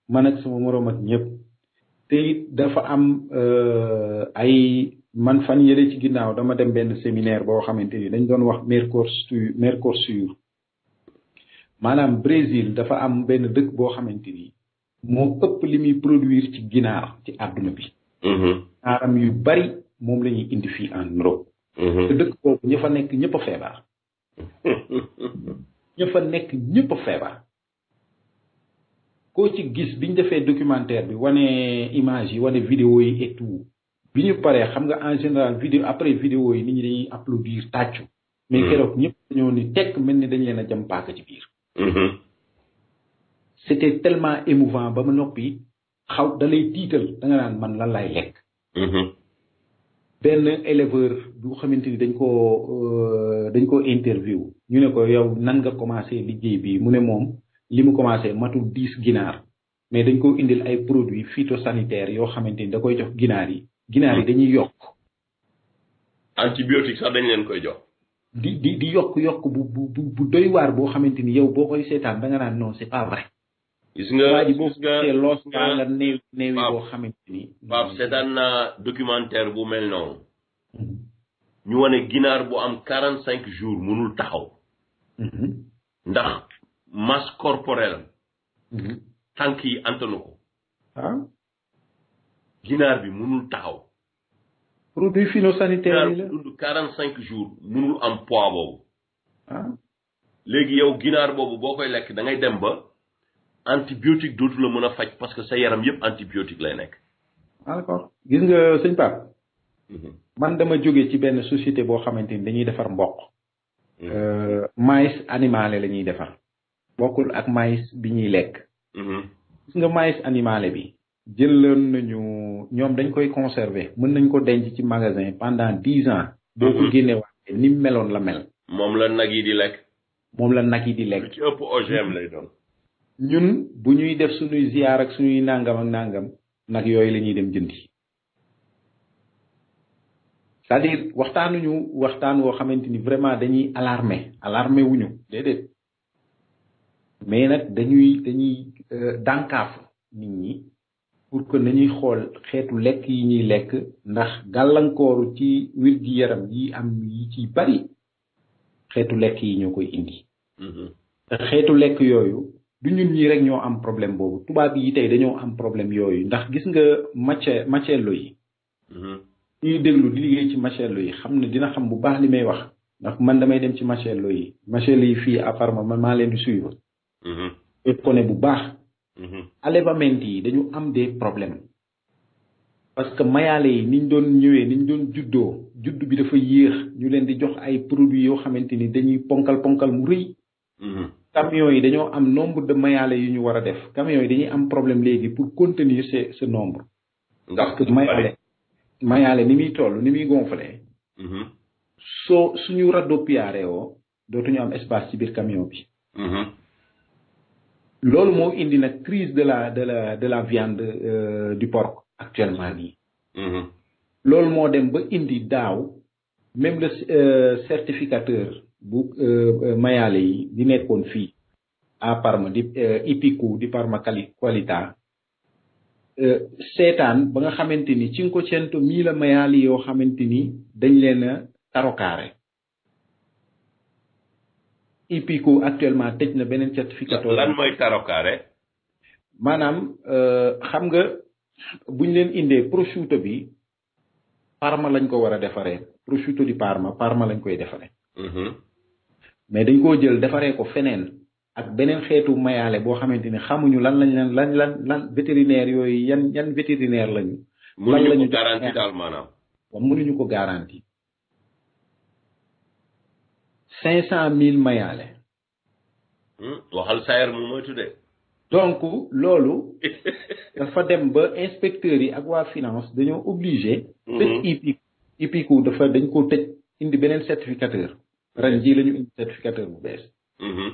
man ak sama moroom ak ñëpp te it dafa am euh, ay man fan yële ci ginnaaw dama dem benn séminaire boo xamante ni dañ doon wax Mercosur Mercosur maanaam Brésil dafa am benn dëkk boo xamante ni moo ëpp li muy produire ci ginaar ci àdduna bi. Mm-hmm. naaram yu bari. moom la ñuy indi fii en Europe. Mm-hmm. te dëkk boobu ña fa nekk ñëpp a feebar. ña fa nekk ñëpp a feebar. koo ci gis biñ defee documentaire bi wane image yi wane vidéo yi et tout. bi ñu paree xam nga en général vidéo après vidéo yi nit ñi dañuy applaudir tàccu. mais mm-hmm. keroog ñëpp dañoo ni tekk mel ni dañ leen a jam paaka ci biir. Mm-hmm. c'était tellement émouvant ba ma noppi xaw da lay tiital da nga naan man lan laay lekk. benn éleveur bu xamante ni dañ koo euh, dañ koo interview ñu ne ko yow nan nga commencé liggéey bi mu ne moom li mu commencé matul dix ginaar mais dañ ko indil ay produits phytosanitaires yoo xamante ni da koy jox ginaar yi. ginaar yi hmm. dañuy yokk. antibiotique sax dañ leen koy jox. di di yokk yokk bu bu bu doy waar boo xamante ni yow boo koy seetaan da nga naan non c'est pas vrai. gis nga waa ji boo gisee loos ngaa ni Pape seetaan naa documentaire bu mel noonu mm-hmm. ñu wane ginaar bu am quarante cinq jours mënul taxaw mm-hmm. ndax masse corporelle am mm-hmm. tànk yi antanu ko waaw ah. bi mënul taxaw produit phytosanitaire yi la dund quarante cinq jours mënul am poids boobu ah. léegi yow ginaar boobu boo koy lekk dangay ngay dem ba antibiotique dootu la mën a faj parce que sa yaram yëpp antibiotique lay nekk. d'accord gis nga sëñ Pape. Mhm. man dama jóge ci benn société boo xamante ni dañuy defar mboq. Mhm. Euh, maïs animalé la ñuy defar. bokkul ak maïs bi ñuy lekk. Mhm. gis nga maïs animalé bi. jëloon nañu ñoom dañ koy conserver mën nañ ko denc ci magasin pendant dix ans. boo ko génneewaatee ni mu meloon la mel. moom la nag yi di lekk. moom la nag yi di lekk. ci ëpp OGM lay doon. ñun bu ñuy def suñuy ziyaar suñuy nàngam ak nàngam nag yooyu lañuy dem jëndi cest à waxtaanuñu waxtaan woo xamante ni vraiment dañuy alarmé alarmé wuñu déedéet mais nag dañuy dañuy euh, dànkaafu nit ñi pour que nañuy xool xeetu lekk yi ñuy lekk ndax gàllankooru ci wér gi yaram yi am yi ci bari xeetu lekk yi ñoo koy indi mm-hmm. xeetu lekk yooyu du ñun ñi rek ñoo am problème boobu tubaab yi tey dañoo am problème yooyu ndax gis nga matière matière yi mm-hmm. ñuy déglu di liggéey ci matière yi xam ne dina xam bu baax li may wax ndax man damay dem ci matière yi matière yi fii à part man maa leen di suivre et mm-hmm. connais bu baax mm-hmm. alevament yi dañu am des problèmes parce que mayaale yi niñ doon ñëwee niñ doon juddoo judd bi dafa yéex ñu leen di jox ay produits yoo xamante ni dañuy ponkal ponkal mu rëy camions yi dañoo am nombre de mayaale yu ñu war a def camions yi dañuy am problème léegi pour contenir ce ce nombre. ndax parce que mayaale mayaale ni muy toll ni muy gonflé. Mm-hmm. soo suñu radopiare woo dootuñu am espace ci biir camion bi. Mm-hmm. loolu moo indi nag crise de la de la de la viande euh, du porc actuellement nii. Mm-hmm. loolu moo dem ba indi daaw même le euh, certificateur. bu euh, euh, mayaale yi di nekkoon fii à Parma di euh, Ipico di Parma Qualità seetaan ba nga xamante ni cinquecento mille mayaali yoo xamante ni dañ leen a tarokaare Ipico actuellement tëj na beneen certificato lan mooy tarokaare maanaam xam nga buñ leen indee prosciutto bi Parma lañ ko war a defaree prosciutto di Parma Parma lañ koy defaree mm-hmm. mais dañ koo jël defaree ko feneen ak beneen xeetu mayaale boo xamante ni xamuñu lan lañ leen lan lan lan vétérinaire yooyu yan yan vétérinaire lañu. lan lañu garanti daal maanaam. waaw mënuñu ko garanti. cinq cent mille mayaale. Hmm, waxal sayer mu mooy tuddee. donc loolu. dafa dem ba inspecteurs yi ak waa finance dañoo obligé. tëj IPIC. IPIC dafa dañ ko tëj indi beneen certificateur. ren jii la ñu indi certificateur bu bees. Mm-hmm.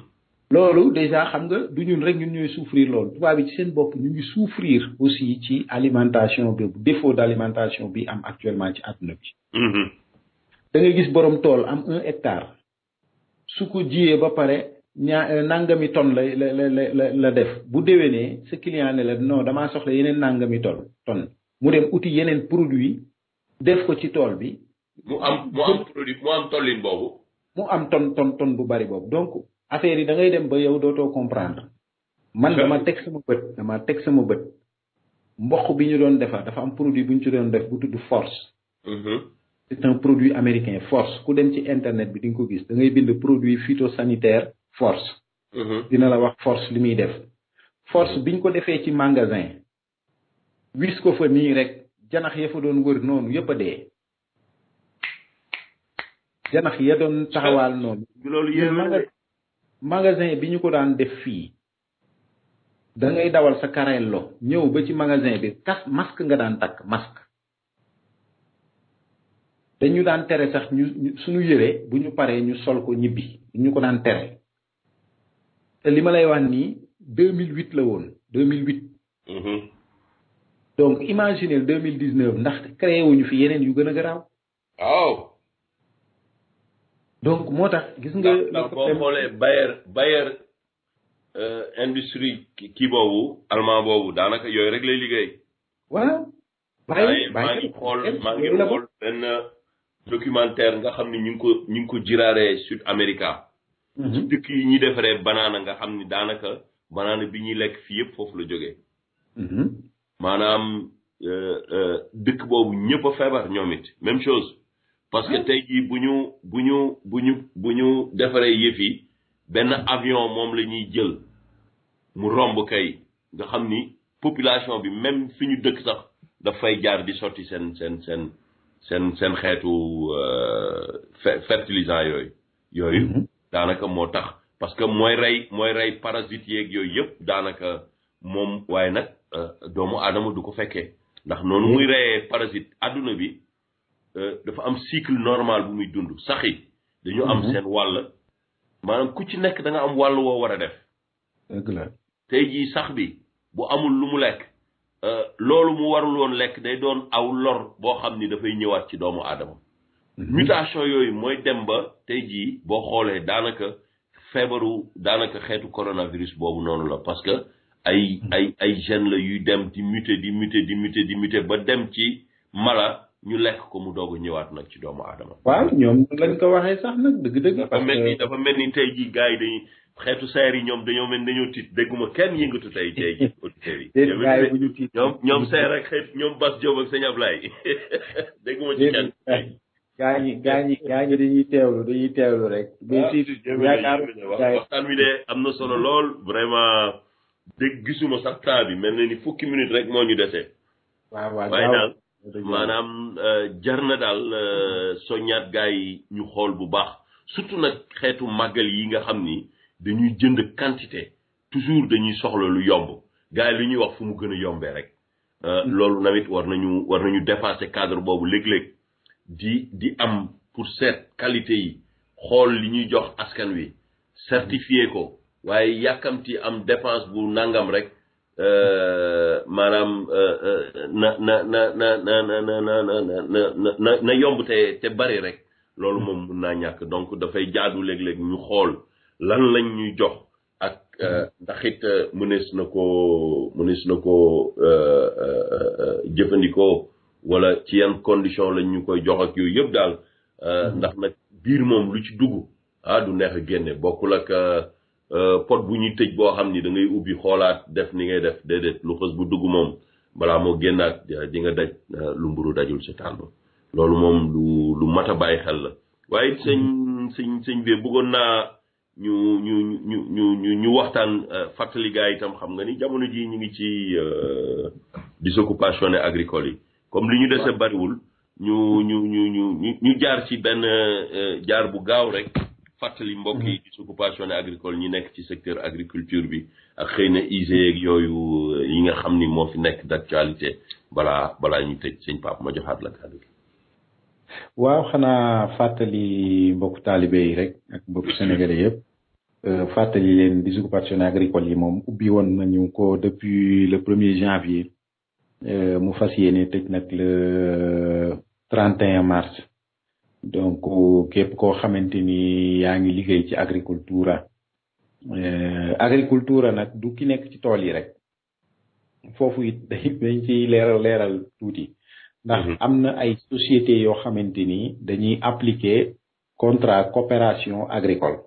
loolu déjà xam nga du ñun rek ñun ñooy souffrir loolu tubaab bi ci seen bopp ñu ngi souffrir aussi ci alimentation bi défaut d' alimentation bi am actuellement ci àdduna bi. Mm-hmm. da nga gis borom tool am un hectare su ko jiyee ba pare ñaa euh, nangami tonne la la la la def bu déwénee sa client ne la non dama soxla yeneen nangami tool tonne mu dem uti yeneen produit def ko ci tool bi. mu am mu am produit mu am tollin boobu. mu am ton ton ton bu bari bob donc affaire yi da ngay dem ba yow doto comprendre man dama tek sama beut dama tek sama beut mboq bi ñu doon defa dafa am produit buñ ci doon def bu tuddu force mm-hmm. c'est un produit américain force ku dem ci internet bi di nga ko gis da ngay bind produit phytosanitaire force mm-hmm. dina la wax force li muy def force biñ ko defee ci magasin wis ko fa nii rek janax ya fa doon wër noonu yëpp a dee janax ya doon taxawaal noonu. loolu yéen magasin bi ñu ko daan def fii da ngay dawal sa carrello ñëw ba ci magasin bi kas masque nga daan takk masque. dañu daan tere sax ñu suñu yëre bu ñu paree ñu sol ko ñibbi ñu ko daan tere te li ma lay wax nii 2008 la woon 2008. Mhm. donc imaginez 2019 ndax créé wuñu fi yeneen yu gën a garaaw. waaw. donc moo tax gis nga. ndax boo xoolee Bayer Bayer euh, industrie kii boobu allemand boobu daanaka yooyu rek lay liggéey. waaw. bàyyi maa ngi xool maa ngi xool benn documentaire nga xam ni ñu ngi ko ñu ngi ko jiraaree Sud America. Mhm. ci dëkk yi ñuy defaree banaana nga xam ni daanaka banaana bi ñuy lekk fii yëpp foofu la jóge mhm. maanaam euh, euh, dëkk boobu ñëpp a feebar ñoom it même chose. parce que tey jii bu ñu bu ñu bu ñu bu ñu defaree yëf yi benn avion moom la ñuy jël mu romb kay nga xam ni population bi même fi ñu dëkk sax daf jaar di sotti seen seen seen seen seen xeetu euh, fertilisant yooyu yooyu mm-hmm. daanaka moo tax parce que mooy rey mooy rey parasites yeeg yooyu yëpp daanaka moom waaye nag euh, doomu aadama du ko fekkee ndax noonu mm-hmm. muy reyee parasite àdduna bi Euh, dafa am cycle normal bu muy dund sax yi dañu am mhm. seen wàll maanaam ku ci nekk danga am wàll woo war a def dëgg tey jii sax bi bu amul lu mu lekk euh, loolu mu warul woon lekk day doon aw lor boo xam ni dafay ñëwaat ci doomu aadama mhm. mutation yooyu mooy dem ba tey jii boo xoolee daanaka feebaru daanaka xeetu coronavirus boobu noonu la parce que ay mhm. ay ay gènes la yuy dem di muté di muté di muté di muté ba dem ci mala ñu lekk ko mu doog a ñëwaat nag ci doomu aadama. waaw ñoom lañ ko waxee sax nag dëgg-dëgg. dafa mel ni dafa mel ni tey jii gars yi dañuy xeetu seer yi ñoom dañoo mel dañoo tiit dégguma kenn yëngatu tey tey jii auditeurs yi. yi bu ñu tiit ñoom ñoom seer ak xeet ñoom Bas Diop ak sëñ Ablaye dégguma ci kenn. gaa ñi gaa gaa ñi dañuy teewlu dañuy teewlu rek. waaw ah, jërëjëf waxtaan wi de am na solo lool vraiment dégg gisuma sax temps bi mel na ni fukki minute rek moo ñu dese. waaw waaw maanaam euh, jar na daal euh, soñaat gaa yi ñu xool bu baax surtout nag xeetu màggal yi nga xam ni dañuy jënd quantité toujours dañuy soxla lu yomb gaa yi ñuy wax fu mu gën a yombee rek euh, hmm. loolu nawet war nañu war nañu dépasser cadre boobu léeg-léeg di di am pour seet qualité yi xool li ñuy jox askan wi certifié ko waaye yàkkamti am dépense bu nangam rek maanaam na na na na na na na na na na yomb te te bari rek loolu moom mun naa ñàkk donc dafay jaadu léeg-léeg ñu xool lan lañ ñuy jox ak ndax it mënees na ko mënees na koo jëfandikoo wala ci yan condition lañ ñu koy jox ak yooyu yëpp daal ndax nag biir moom lu ci dugg ah du neex a génne bokkul ak Euh, pot bu ñu tëj boo xam ni da ubbi xoolaat def ni ngay def déedéet lu xës bu dugg moom balaa moo génnaat di nga daj euh, lu mburu dajul sa tànn loolu moom lu lu mat a bàyyi xel la waaye sëñ sëñ sëñ bi bëggoon naa ñu ñu ñu ñu ñu ñu waxtaan euh, fàttali gaa yi itam xam nga ni jamono ji ñu ngi ci disoccupation agricole yi comme li ñu dese bariwul ñu ñu ñu ñu ñu jaar ci benn jaar bu gaaw rek fatali mbokk mhm. yi sous-occupation agricole ñi nekk ci secteur agriculture bi ak xëy na ISE ak yooyu yi nga xam ni moo fi nekk d'actualité balaa balaa ñu tëj sëñ Pape ma joxaat la kàddu gi waaw xanaa fàttali mbokku taalibe yi rek ak mbokku sénégalais yëpp euh, fàttali leen disoccupation agricole yi moom ubbi woon nañu ko depuis le premier janvier euh, mu fas yéene tëj nag le 31 euh, mars. donc képp koo xamante ni yaa ngi liggéey ci agricultura euh, agricultura nag du ki nekk ci tool yi rek foofu it dañ ciy leeral leeral tuuti ndax mhm. am na ay société yoo xamante ni dañuy appliquer contrat coopération agricole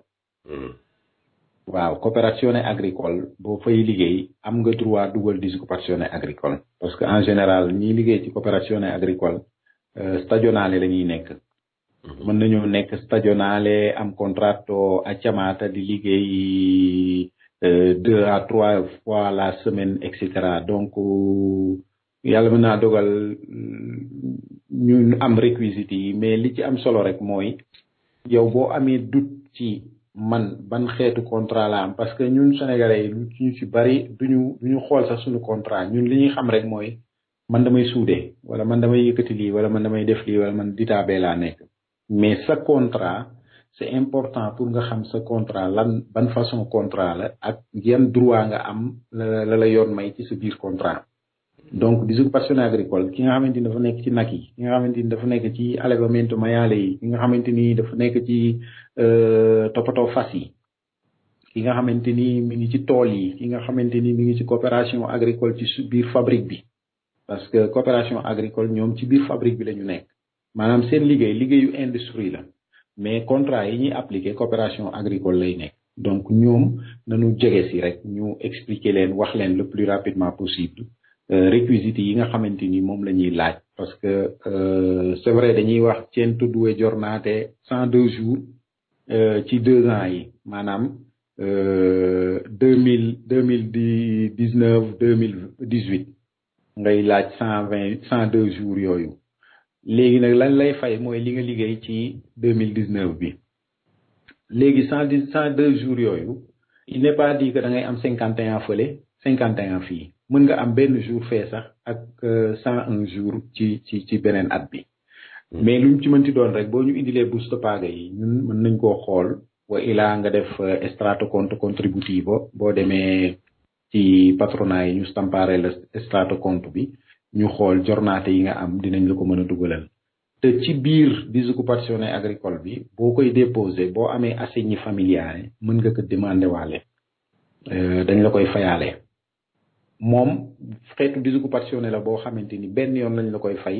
mhm. waaw coopération agricole boo fay liggéey am nga droit dugal di coopération agricole parce que en général ñiy liggéey ci coopération agricole euh, stagionale la ñuy nekk mën nañoo nekk stagionale am contratto a Ciamata di liggéey euh, deux à trois fois la semaine et donc yàlla mën naa dogal ñu am réquisites yi mais li ci am solo rek mooy yow boo amee doute ci man ban xeetu contrat la am parce que ñun sénégalais yi ñu ci bari duñu ñu xool sax suñu contrat ñun li ñuy xam rek mooy man may suudee wala man damay yëkkati lii wala man damay def lii wala man ditaabee laa nekk mais sa contrat c'est important pour nga xam sa contrat lan ban façon contrat la ak yan droit nga am la la yoon may ci sa biir contrat donc di occupation agricole ki nga xamante ni dafa nekk ci naki yi ki nga xamante ni dafa nekk ci alevament mayaale yi ki nga xamante ni dafa nekk ci euh, topato fas yi ki nga xamante ni mi ngi ci tool yi ki nga xamante ni mi ngi ci coopération agricole ci biir fabrique bi parce que coopération agricole ñoom ci biir fabrique bi la ñu nekk manam seen liggéey liggéeyu industrie la mais contrat yi ñuy appliquer coopération agricole lay nekk donc ñoom nañu jege si rek ñu expliquer leen wax leen le plus rapidement possible euh, réquisites yi nga xamante ni moom la ñuy laaj parce que euh, c'est vrai dañuy wax ceen tudduwe jornaate cent deux jours euh, ci deux ans yi maanaam deux mille deux mille dix neuf deux mille dix huit ngay laaj cent vingt cent deux jours yooyu léegi nag lañ lay fay mooy li nga liggéey ci deux mille dix neuf bi léegi cent dix cent deux jours yooyu il n'est pas da ngay am cinquante et un fële cinquante et un fii mën nga am benn jour fee sax ak euh, cent un jour ci ci ci beneen at bi hmm. mais lu mu ci doon rek boo ñu indilee boost paga yi ñun mën nañ koo xool wa ilaa nga def euh, strato compte contributivo boo demee ci patronat yi ñu stampare la strato compte bi ñu xool jornaate yi nga am dinañ la ko mën a dugalal te ci biir disoccupazione agricole bi boo koy déposé boo amee assegni familiale mën nga ko demandé waale euh, dañ la koy fayaale moom xeetu disoccupazione la boo xamante ni benn yoon lañ la koy fay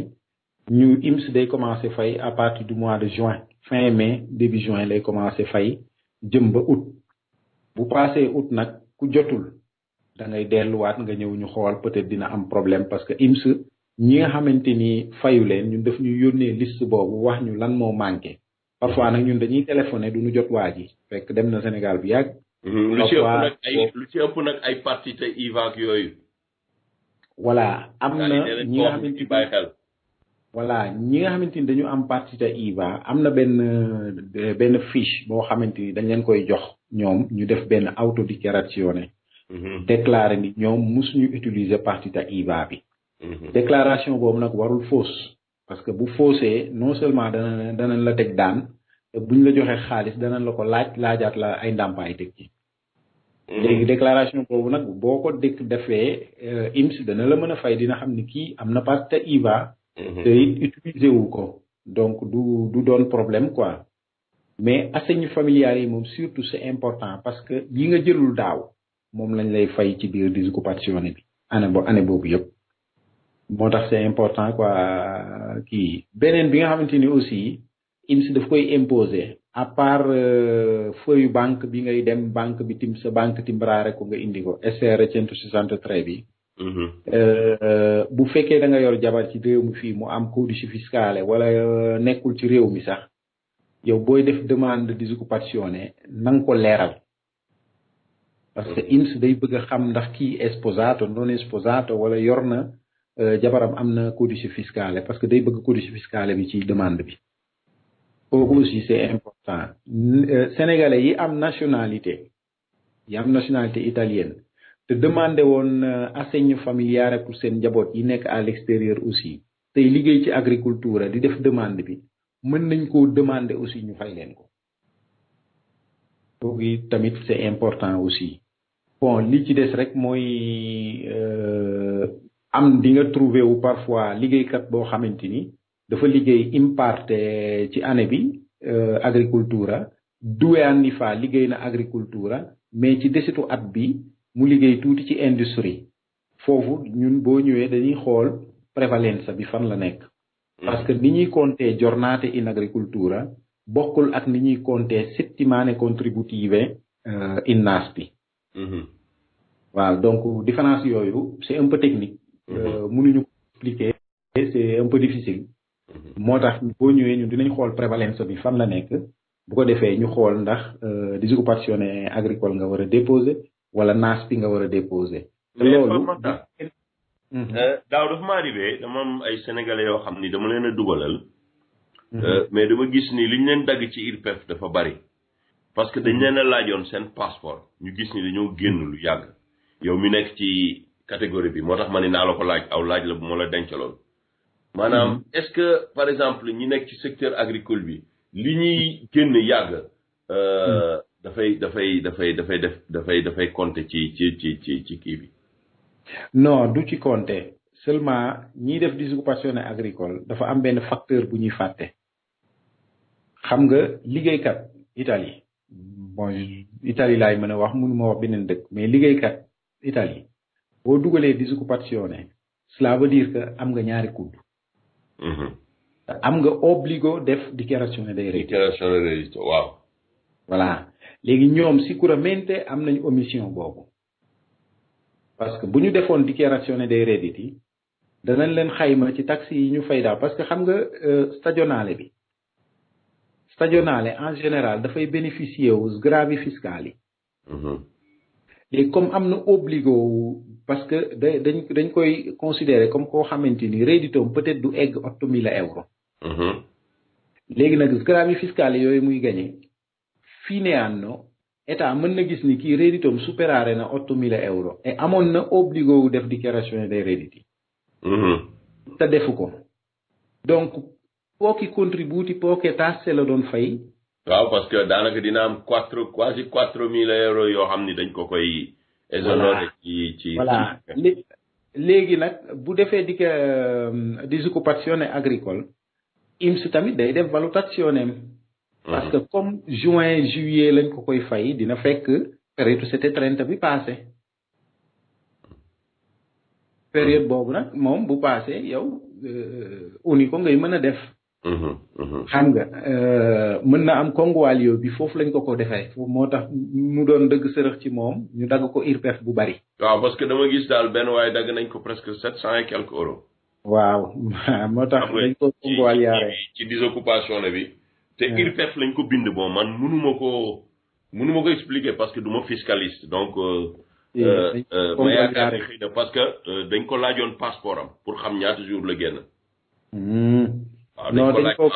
ñu IMS day commencé fay à partir du mois de juin fin mai début juin lay commencé fay jëm ba août bu passé août nag ku jotul da ngay delluwaat nga ñëw ñu xool peut-être dina am problème parce que IMSS ñi nga xamante ni fayu leen ñun def ñu yónnee liste boobu wax ñu lan moo manqué parfois nag ñun dañuy téléphoné du ñu jot waa ji dem na Sénégal bi yàgg. Mm-hmm. lu ci ëpp lu ci ëpp nag ay parti te yooyu. voilà am na ñi nga xamante ni bàyyi xel. ñi nga xamante ni dañu am parti te IVA am na benn benn fiche boo xamante ni dañ leen koy jox ñoom ñu def benn autodichiarazione Mhm. déclarer ni utilisons pas utiliser partita IVA bi. Mhm. déclaration la warul fausse. parce que bu fausse, non seulement dans la tek daan buñ la la ko la ay mhm. déclaration euh, fay dina IVA. utiliser wu donc du du doon problème quoi. mais familial yi surtout c'est important parce que nga jëlul moom lañ lay fay ci biir disoccupazione bi année bo année boobu yëpp moo tax c'est important quoi kii beneen bi nga xamante ni aussi IMSS daf koy imposer à part euh, feuille banque bi ngay dem banque bi tim sa banque timbraare ko nga indi ko SR 163 bi. Mm-hmm. Euh, bu fekkee da nga yor jabar ci réew mi fii mu am codice fiscale wala euh, nekkul ci réew mi sax yow booy def demande disoccupazione na nga ko leeral. parce que INS day bëgg a xam ndax kii sposato non sposato wala yor na euh, jabaram am na codice fiscale parce que day bëgg codice fiscale bi ci demande bi kooku aussi c'est important euh, sénégalais yi am nationalité yi am nationalité italienne te demandé woon euh, assegno familiare pour seen njaboot yi nekk à l'extérieur aussi tey liggéey ci agriculture di def demande bi mën nañ ko demander aussi ñu fay leen ko kooku tamit c'est important aussi bon li ci des rek mooy euh, am di nga trouver wu parfois liggéeykat boo xamante ni dafa liggéey imparté ci année bi euh, agricultura duwe anni fa liggéey na agricultura mais ci desitu at bi mu liggéey tuuti ci industrie foofu ñun boo ñëwee dañuy xool prévalence bi fan la nekk hmm. parce que ni ñuy compter giornate in agricultura bokkul ak ni ñuy compter settimane contributive euh, in NAS waaw mm-hmm. donc différence yooyu c' est un peu technique. Mm-hmm. Euh, mënuñu ko expliquer c' est un peu difficile. Mm-hmm. moo tax boo ñëwee ñun dinañ xool prévalence bi fan la nekk bu ko defee ñu xool ndax euh, disoccupation agricole nga war a déposer wala naas bi nga war a déposer. te loolu euh, daaw dafa ma arrivé dama am ay sénégalais yoo xam ni dama leen a dugalal. mais dama gis ni liñ leen dagg ci IRPEF dafa bari. parce que dañ mhm. leen a laajoon seen passeport ñu gis ni dañoo génn lu yàgg yow mi nekk ci catégorie bi moo tax ma ne naa la ko laaj aw laaj la bu ma la dencaloon maanaam mhm. est-ce que par exemple ñi nekk ci secteur agricole bi li ñuy génn yàgg euh, mhm. dafay dafay dafay dafay def dafay dafay compter ci ci ci ci kii bi non du ci compter seulement ñiy def disoccupation agricole dafa am benn facteur bu ñuy fàtte xam nga liggéeykat Italie bon Italie laay mën a wax mënu ma wax beneen dëkk mais liggéeykat Italie boo dugalee disoccupazione cela veut dire que am nga ñaari kudd mm-hmm. am nga obbligo def dichiarazione dei redditi dichiarazione dei redditi waaw voilà léegi ñoom sicuramente am nañu omission boobu parce que bu ñu defoon dichiarazione dei redditi danañ leen xayma ci taxi yi ñu fay parce que xam nga euh, stagionale bi stagionale en général fay bénéficier aux gravi fiscale Et mhm. et comme am obligo parce que da dañ dañ koy considérer comme ko xamante réditom peut-être du egg 000 euros. Mhm. légui nak gravi fiscal yoy muy gagné fini anno état mën na gis ni ki réditom supérare na 8000 euros et amoon na obligé def déclaration des rédits yi. Mhm. te donc. pochi contributi, poche tasse la doon fay. waaw parce que daanaka dina am 4 quasi quatre mille euros yoo xam ni dañ ko koy. exonéré ci ci voilà léegi nag bu defee di que mm, disoccupazione agricole. IMS tamit day def valutazione am. Mm. parce que comme juin juillet lañ ko koy fay dina fekk période c'était trente bi passé. période mm. boobu nag moom bu passé yow euh, uni ko ngay mën a def. Mm-hmm. Mm-hmm. xam nga euh, mën na am konguwaalio bi foofu lañ ko ko defee foofu moo tax mu doon dëgg sërëx ci moom ñu dagg ko IRPEF bu bari waaw parce que dama gis daal benn waaye dagg nañ ko presque sept cent et quelques euros waaw moo tax dañ ko konguwaaliyaare ci disoccupation la bi te IRPEF lañ ko bind bon man mënuma ko mënuma ko expliquer parce que duma fiscaliste donc euh, euh, ma yaakaar ne xëy na parce que dañ ko laajoon passeport am pour xam ñaata jour la génn hmm. Ah, non dañ ko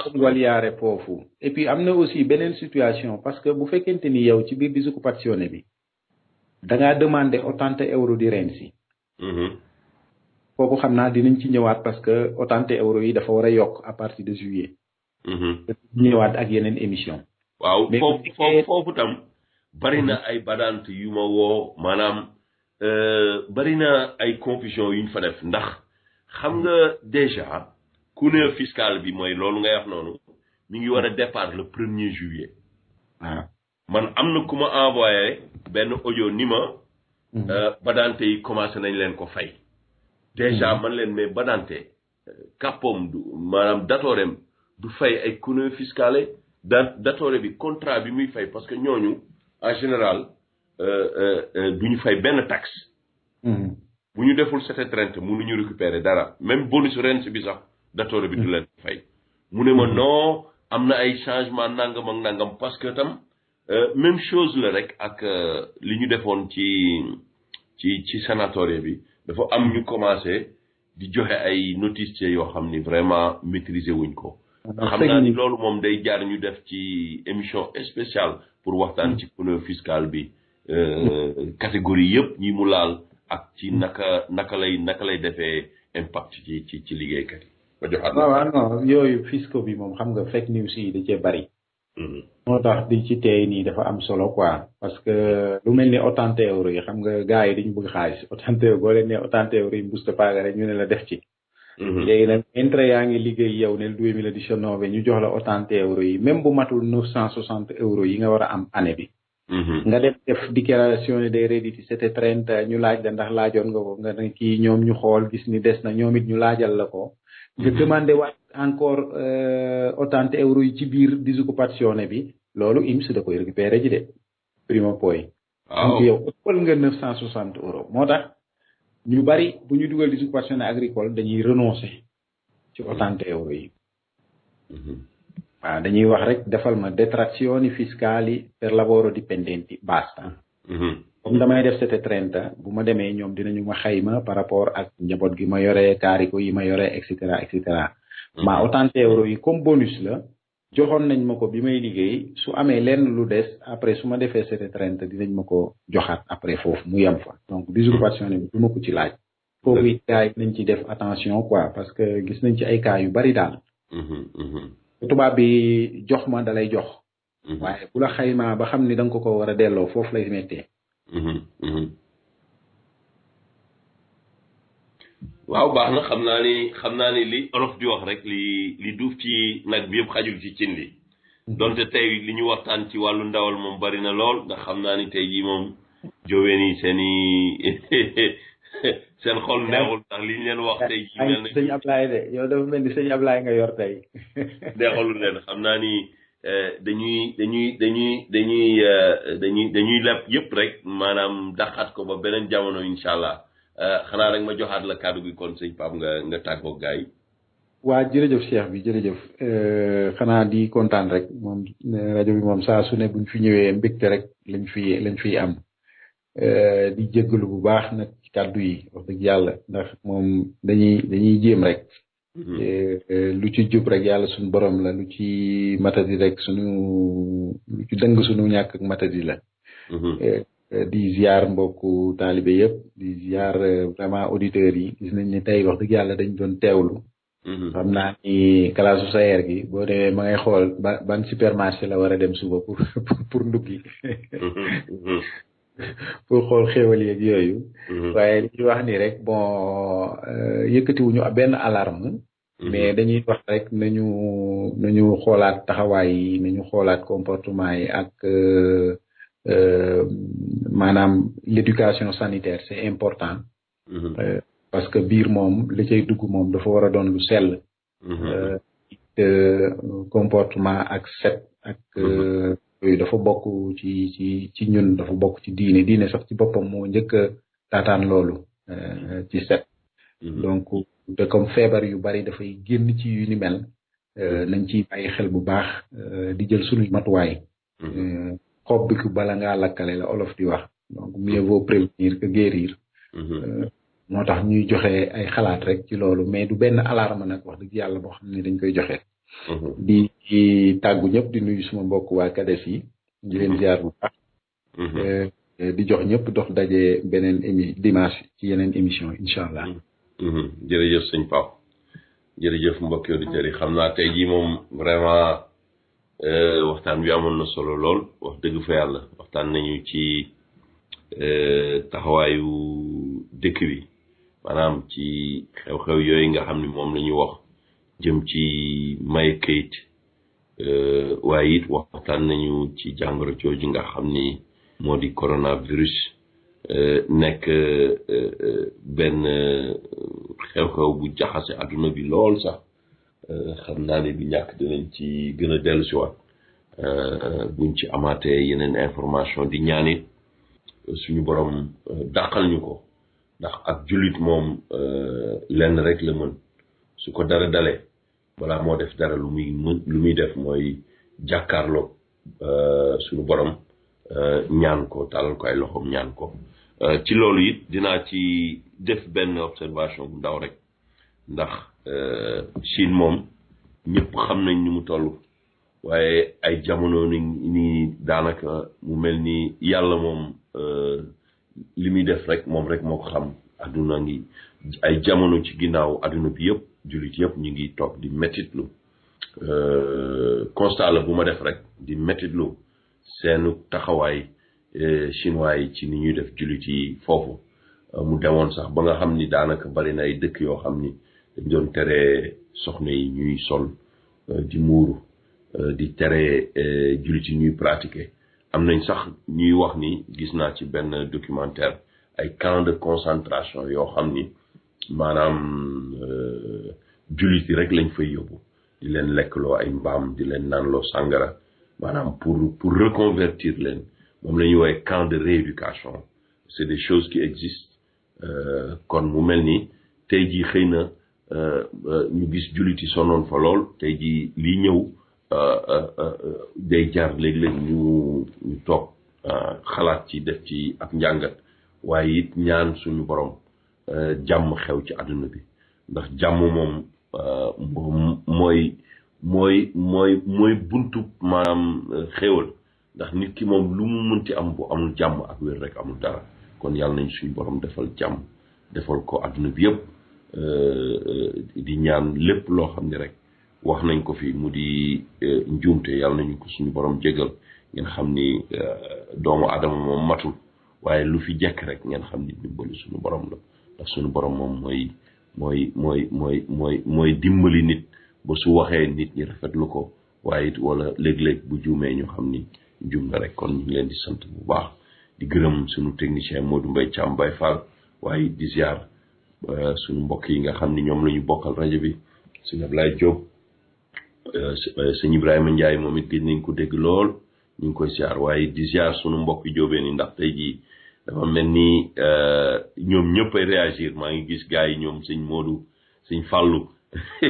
ah, et puis y aussi une situation parce que bu fekkente ni yow ci biir ne bi da nga euro di Renzi pas mm-hmm. xamna dinañ parce que euro yi dafa wara à partir de juillet mm-hmm. ñëwaat ak yeneen émission waaw fofu vous tam bari na mm-hmm. ay yu ma euh, bari na ay confusion fa def ndax xam nga déjà coût fiscal bi moy lolou ngay wax nonou mi ngi wara départ le premier juillet. Ah. man amna kuma ku ben envoyé audio nima hmm. euh, badante yi commencé nañ len ko fay. déjà hmm. man len mais badante kàppoom du manam datorem du fay ay coût fiscale datoré bi contrat bi muy fay parce que ñooñu en général euh, euh, du ñu fay ben taxe. Hmm. bu ñu deful sept trente mënuñu récupérer dara même bonus rente bi sax. datore bi du hmm. leen fay mu ne ma hmm. non am na ay changement nangam nangam parce que tam euh, même chose la rek ak euh, li ñu defoon ci ci ci sanatoria bi dafa am ñu commencé di joxe ay notices yoo xam ni vraiment maîtriser wuñ ko ah, xam naa ni loolu moom day jaar ñu def ci émission spéciale pour waxtaan ci pneu hmm. fiscal bi euh, catégorie yëpp ñi mu laal ak ci naka naka lay naka lay defee impact ci ci ci liggéeykat ba jox at waaw non yooyu fisco bi moom xam nga fake news yi hmm. da cee bari moo tax di ci tey nii dafa am solo quoi parce que lu mel ni otante euro yi xam nga gars yi dañu bëgg xaalis otante euro boo leen ne otante euro yi mbusta paaga rek ñu ne la def ci léegi hmm. nag intre yaa ngi liggéey yow ne deux mille dix-neuf ñu jox la otante euro yi même bu matul neuf cent soixante euro yi nga war a am année bi hmm. nga dem def déclaration des rédits c'était trente ñu laaj la ndax laajoon nga ko nga ne kii ñoom ñu xool gis ni des na ñoom it ñu laajal la ko nga demandé waat encore ottante euh, euro yi ci biir disoccupazione bi loolu IMS da koy récupéré ji de primo poi. waaw ah, donc yow ëppal nga neuf cent soixante euros moo tax ñu bari bu ñu dugal disoccupazione agricole dañuy renoncer ci ottante euro yi. Mhm. waaw dañuy wax rek defal ma detrazioni fiscali per lavoro dipendenti basta. Mhm. comme damay def c'était trente bu ma demee ñoom dinañu ma xayma par rapport ak njaboot gi ma yore taariku yi ma yore et cetera et cetera. Hmm. ma autant euros yi comme bonus la. joxoon nañ ma ko bi may liggéey su amee lenn lu des après su ma defee c'était trente dinañ ma ko joxaat après foofu mu yem fa. donc usurpation bi du ma ko ci laaj. foofu it gars yi nañ ci attention quoi parce que gis nañ ci ay cas yu bari daal. Hmm, hmm, tubaab bi jox ma dalay jox. waaye bu la xaymaa ba xam ni da nga ko ko war a delloo foofu lay méttee. Mhm, mhm. waaw baax na xam naa ni xam naa ni li olof di wax rek li li duuf ci nag bi yëpp xajul ci cin li mhm. donte tey li ñu waxtaan ci wàllu ndawal moom bari na lool ndax xam naa ni tey jii moom jóoween yi seen i seen xol neexul ndax li ñu leen wax tey jii mel ni sëñ Ablaye nga yor tey neexalu leen xam naa ni Euh, dañuy dañuy dañuy dañuy euh, dañuy dañuy leb yëpp rek maanaam daxaat ko ba beneen jamono incha allah euh, xanaa rek ma joxaat la kàddu gi kon sëñ Pape nga nga tàggoo gaa yi. waa jërëjëf Cheikh bi jërëjëf xanaa di kontaan rek moom rajo bi saa su ne fi ñëwee mbégte rek lañ fi lañ fiy am di jéggalu bu baax nag kaddu kàddu yi wax dëgg yàlla ndax moom dañuy dañuy jéem rek Mm-hmm. lu ci jub rek yàlla suñu borom la lu ci matadi rek suñu lu ci dëng suñu ñàkk ak matadi la mm-hmm. eh, eh, di ziar mbokku taalibe yëpp di ziar eh, vraiment auditeurs yi gis nañ ni tey wax dëgg yàlla dañ doon teewlu mm-hmm. xam naa ni kalaasu sayeer gi boo demee ma ngay xool ba ban supermarché la war a dem suba pour pour nduggi pour xool xéwal yeeg yooyu. Mm-hmm. waaye li ñuy wax ni rek bon euh, yëkkatiwuñu benn alarme. Mm-hmm. mais dañuy wax rek nañu nañu xoolaat taxawaay yi nañu xoolaat comportement yi ak euh, euh, maanaam l'éducation sanitaire c'est important. Mm-hmm. parce que biir moom li cay dugg moom dafa war a doon lu sell. comportement ak set ak. yooyu dafa bokk ci ci ci ñun dafa bokk ci diine diine sax ci boppam moo njëkk taataan loolu euh, ci set mhm. donc te comme feebar yu bari dafay génn ci yu ni mel euh, nañ ci bàyyi xel bu baax euh, di jël suñu matuwaay mhm. xob bi bala ngaa lakkale la olof di wax donc mieux vaut prévenir que guérir mhm. moo tax ñuy joxe ay xalaat rek ci loolu mais du benn alarme nag wax dëgg yàlla boo xam ne dañ koy joxe Mm-hmm. di tàggu ñëpp di nuyu suma mbokk waa CADES yi. di leen mm-hmm. mm-hmm. eh, eh, jox ñëpp dox daje beneen émi dimanche ci yeneen émission incha allah. jërëjëf sëñ Pape jërëjëf mbokk yi xam naa tey jii moom vraiment eh, waxtaan wi amoon na solo lool wax dëgg fa yàlla waxtaan nañu ci taxawaayu dëkk bi maanaam ci xew-xew yooyu nga xam ni moom la ñuy wax. jëm ci may kayit euh, waaye it waxtaan nañu ci jàngoro jooju nga xam ni moo di coronavirus euh, nekk euh, benn xew-xew bu jaxase àdduna bi lool sax xam naa ne bi ñàkk dinañ ci gën a dellu si buñ ci amaatee yeneen information di ñaanit suñu borom dàqal ñu ko ndax ak jullit moom lenn rek la mën su ko dara dalee wala moo def dara lu muy lu muy def mooy jàkkaarloog euh, suñu borom euh, ñaan ko talal ko ay loxom ñaan ko euh, ci loolu it dinaa ci def benn observation bu ndaw rek ndax Chine moom ñëpp xam nañ ni mu toll waaye ay jamono ni ni daanaka mu mel ni yàlla moom li muy def rek moom rek moo ko xam aduna ngi ay jamono ci ginnaaw aduna bi yëpp jullit yëpp ñu ngi toog di métitlu euh, constat la bu ma def rek di métitlu seenu taxawaay euh, chinois yi ci ni ñuy def jullit yi foofu euh, mu demoon sax ba nga xam ni daanaka bari na ay dëkk yoo xam ni dañ doon tere soxna yi ñuy sol di muuru di tere jullit yi ñuy pratiquer am nañ sax ñuy wax ni gis naa ci benn documentaire ay camp de concentration yoo xam ni manam euh yi rek lañ fay yobbu di len leklo ay mbam di len nanlo sangara manam pour pour reconvertir len mom lañ camp de rééducation c'est des choses qui existent euh, kon mu melni ni tey jii xëy euh, euh, ñu gis jullit fa lol fa lool tey jii euh euh day jaar ñu ñu tok xalaat ci def ci njangat waye ñaan suñu borom jàmm xew ci àdduna bi ndax jàmm moom euh, mooy mooy mooy mooy buntu maanaam euh, xéewal ndax nit ki moom lu mu mënti am bu amul jàmm ak wér rek amul dara kon yàlla nañ suñu borom defal jàmm defal ko àdduna bi yëpp euh, di ñaan lépp loo xam ne rek wax nañ ko fi mu di njuumte yàlla nañu ko suñu borom jégal ngeen xam ni doomu aadama moom matul waaye lu fi jekk rek ngeen xam ni dimbalu suñu borom la sunu borom moom mooy mooy mooy mooy mooy mooy dimbali nit ba su waxee nit ñi rafetlu ko waaye it wala léeg-léeg bu juumee ñu xam ni juum la rek kon ñu leen di sant bu baax di gërëm suñu technicien Modou Mbaye Thiam Baye Fall waaye di ziar euh, suñu mbokk yi nga xam ni ñoom la bokkal rajo bi sëñ Ablaye Diop euh, euh, sëñ Ibrahima Ndiaye moom it gis nañ ko dégg ñu ngi koy ziar waaye di sunu suñu mbokk yi jóobee ni ndax tey jii dafa melni euh ñom ñëpp ay réagir ma ngi gis gaay ñom ñoom Modou sëñ fallu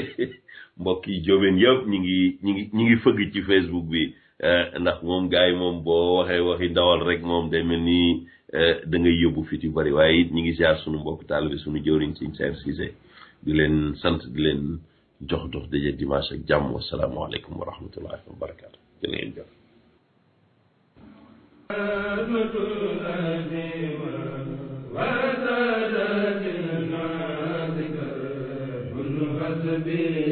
mbokk yi jobeen yeb ñi ngi ñi ngi fëgg ci Facebook bi eh, ndax mom gaay mom bo waxe waxi dawal rek mom day melni euh da ngay yobbu fi ci bari waye it ñi ngi ziar suñu mbokk taalibe suñu jëwriñ sëñ cheikh Cissé di len sant di len jox dox daje dimanche ak assalamu alaykum wa rahmatullahi wa barakatuh نَطُ نَ دِيوَن وَرَسَدَتِ النَّادِكَ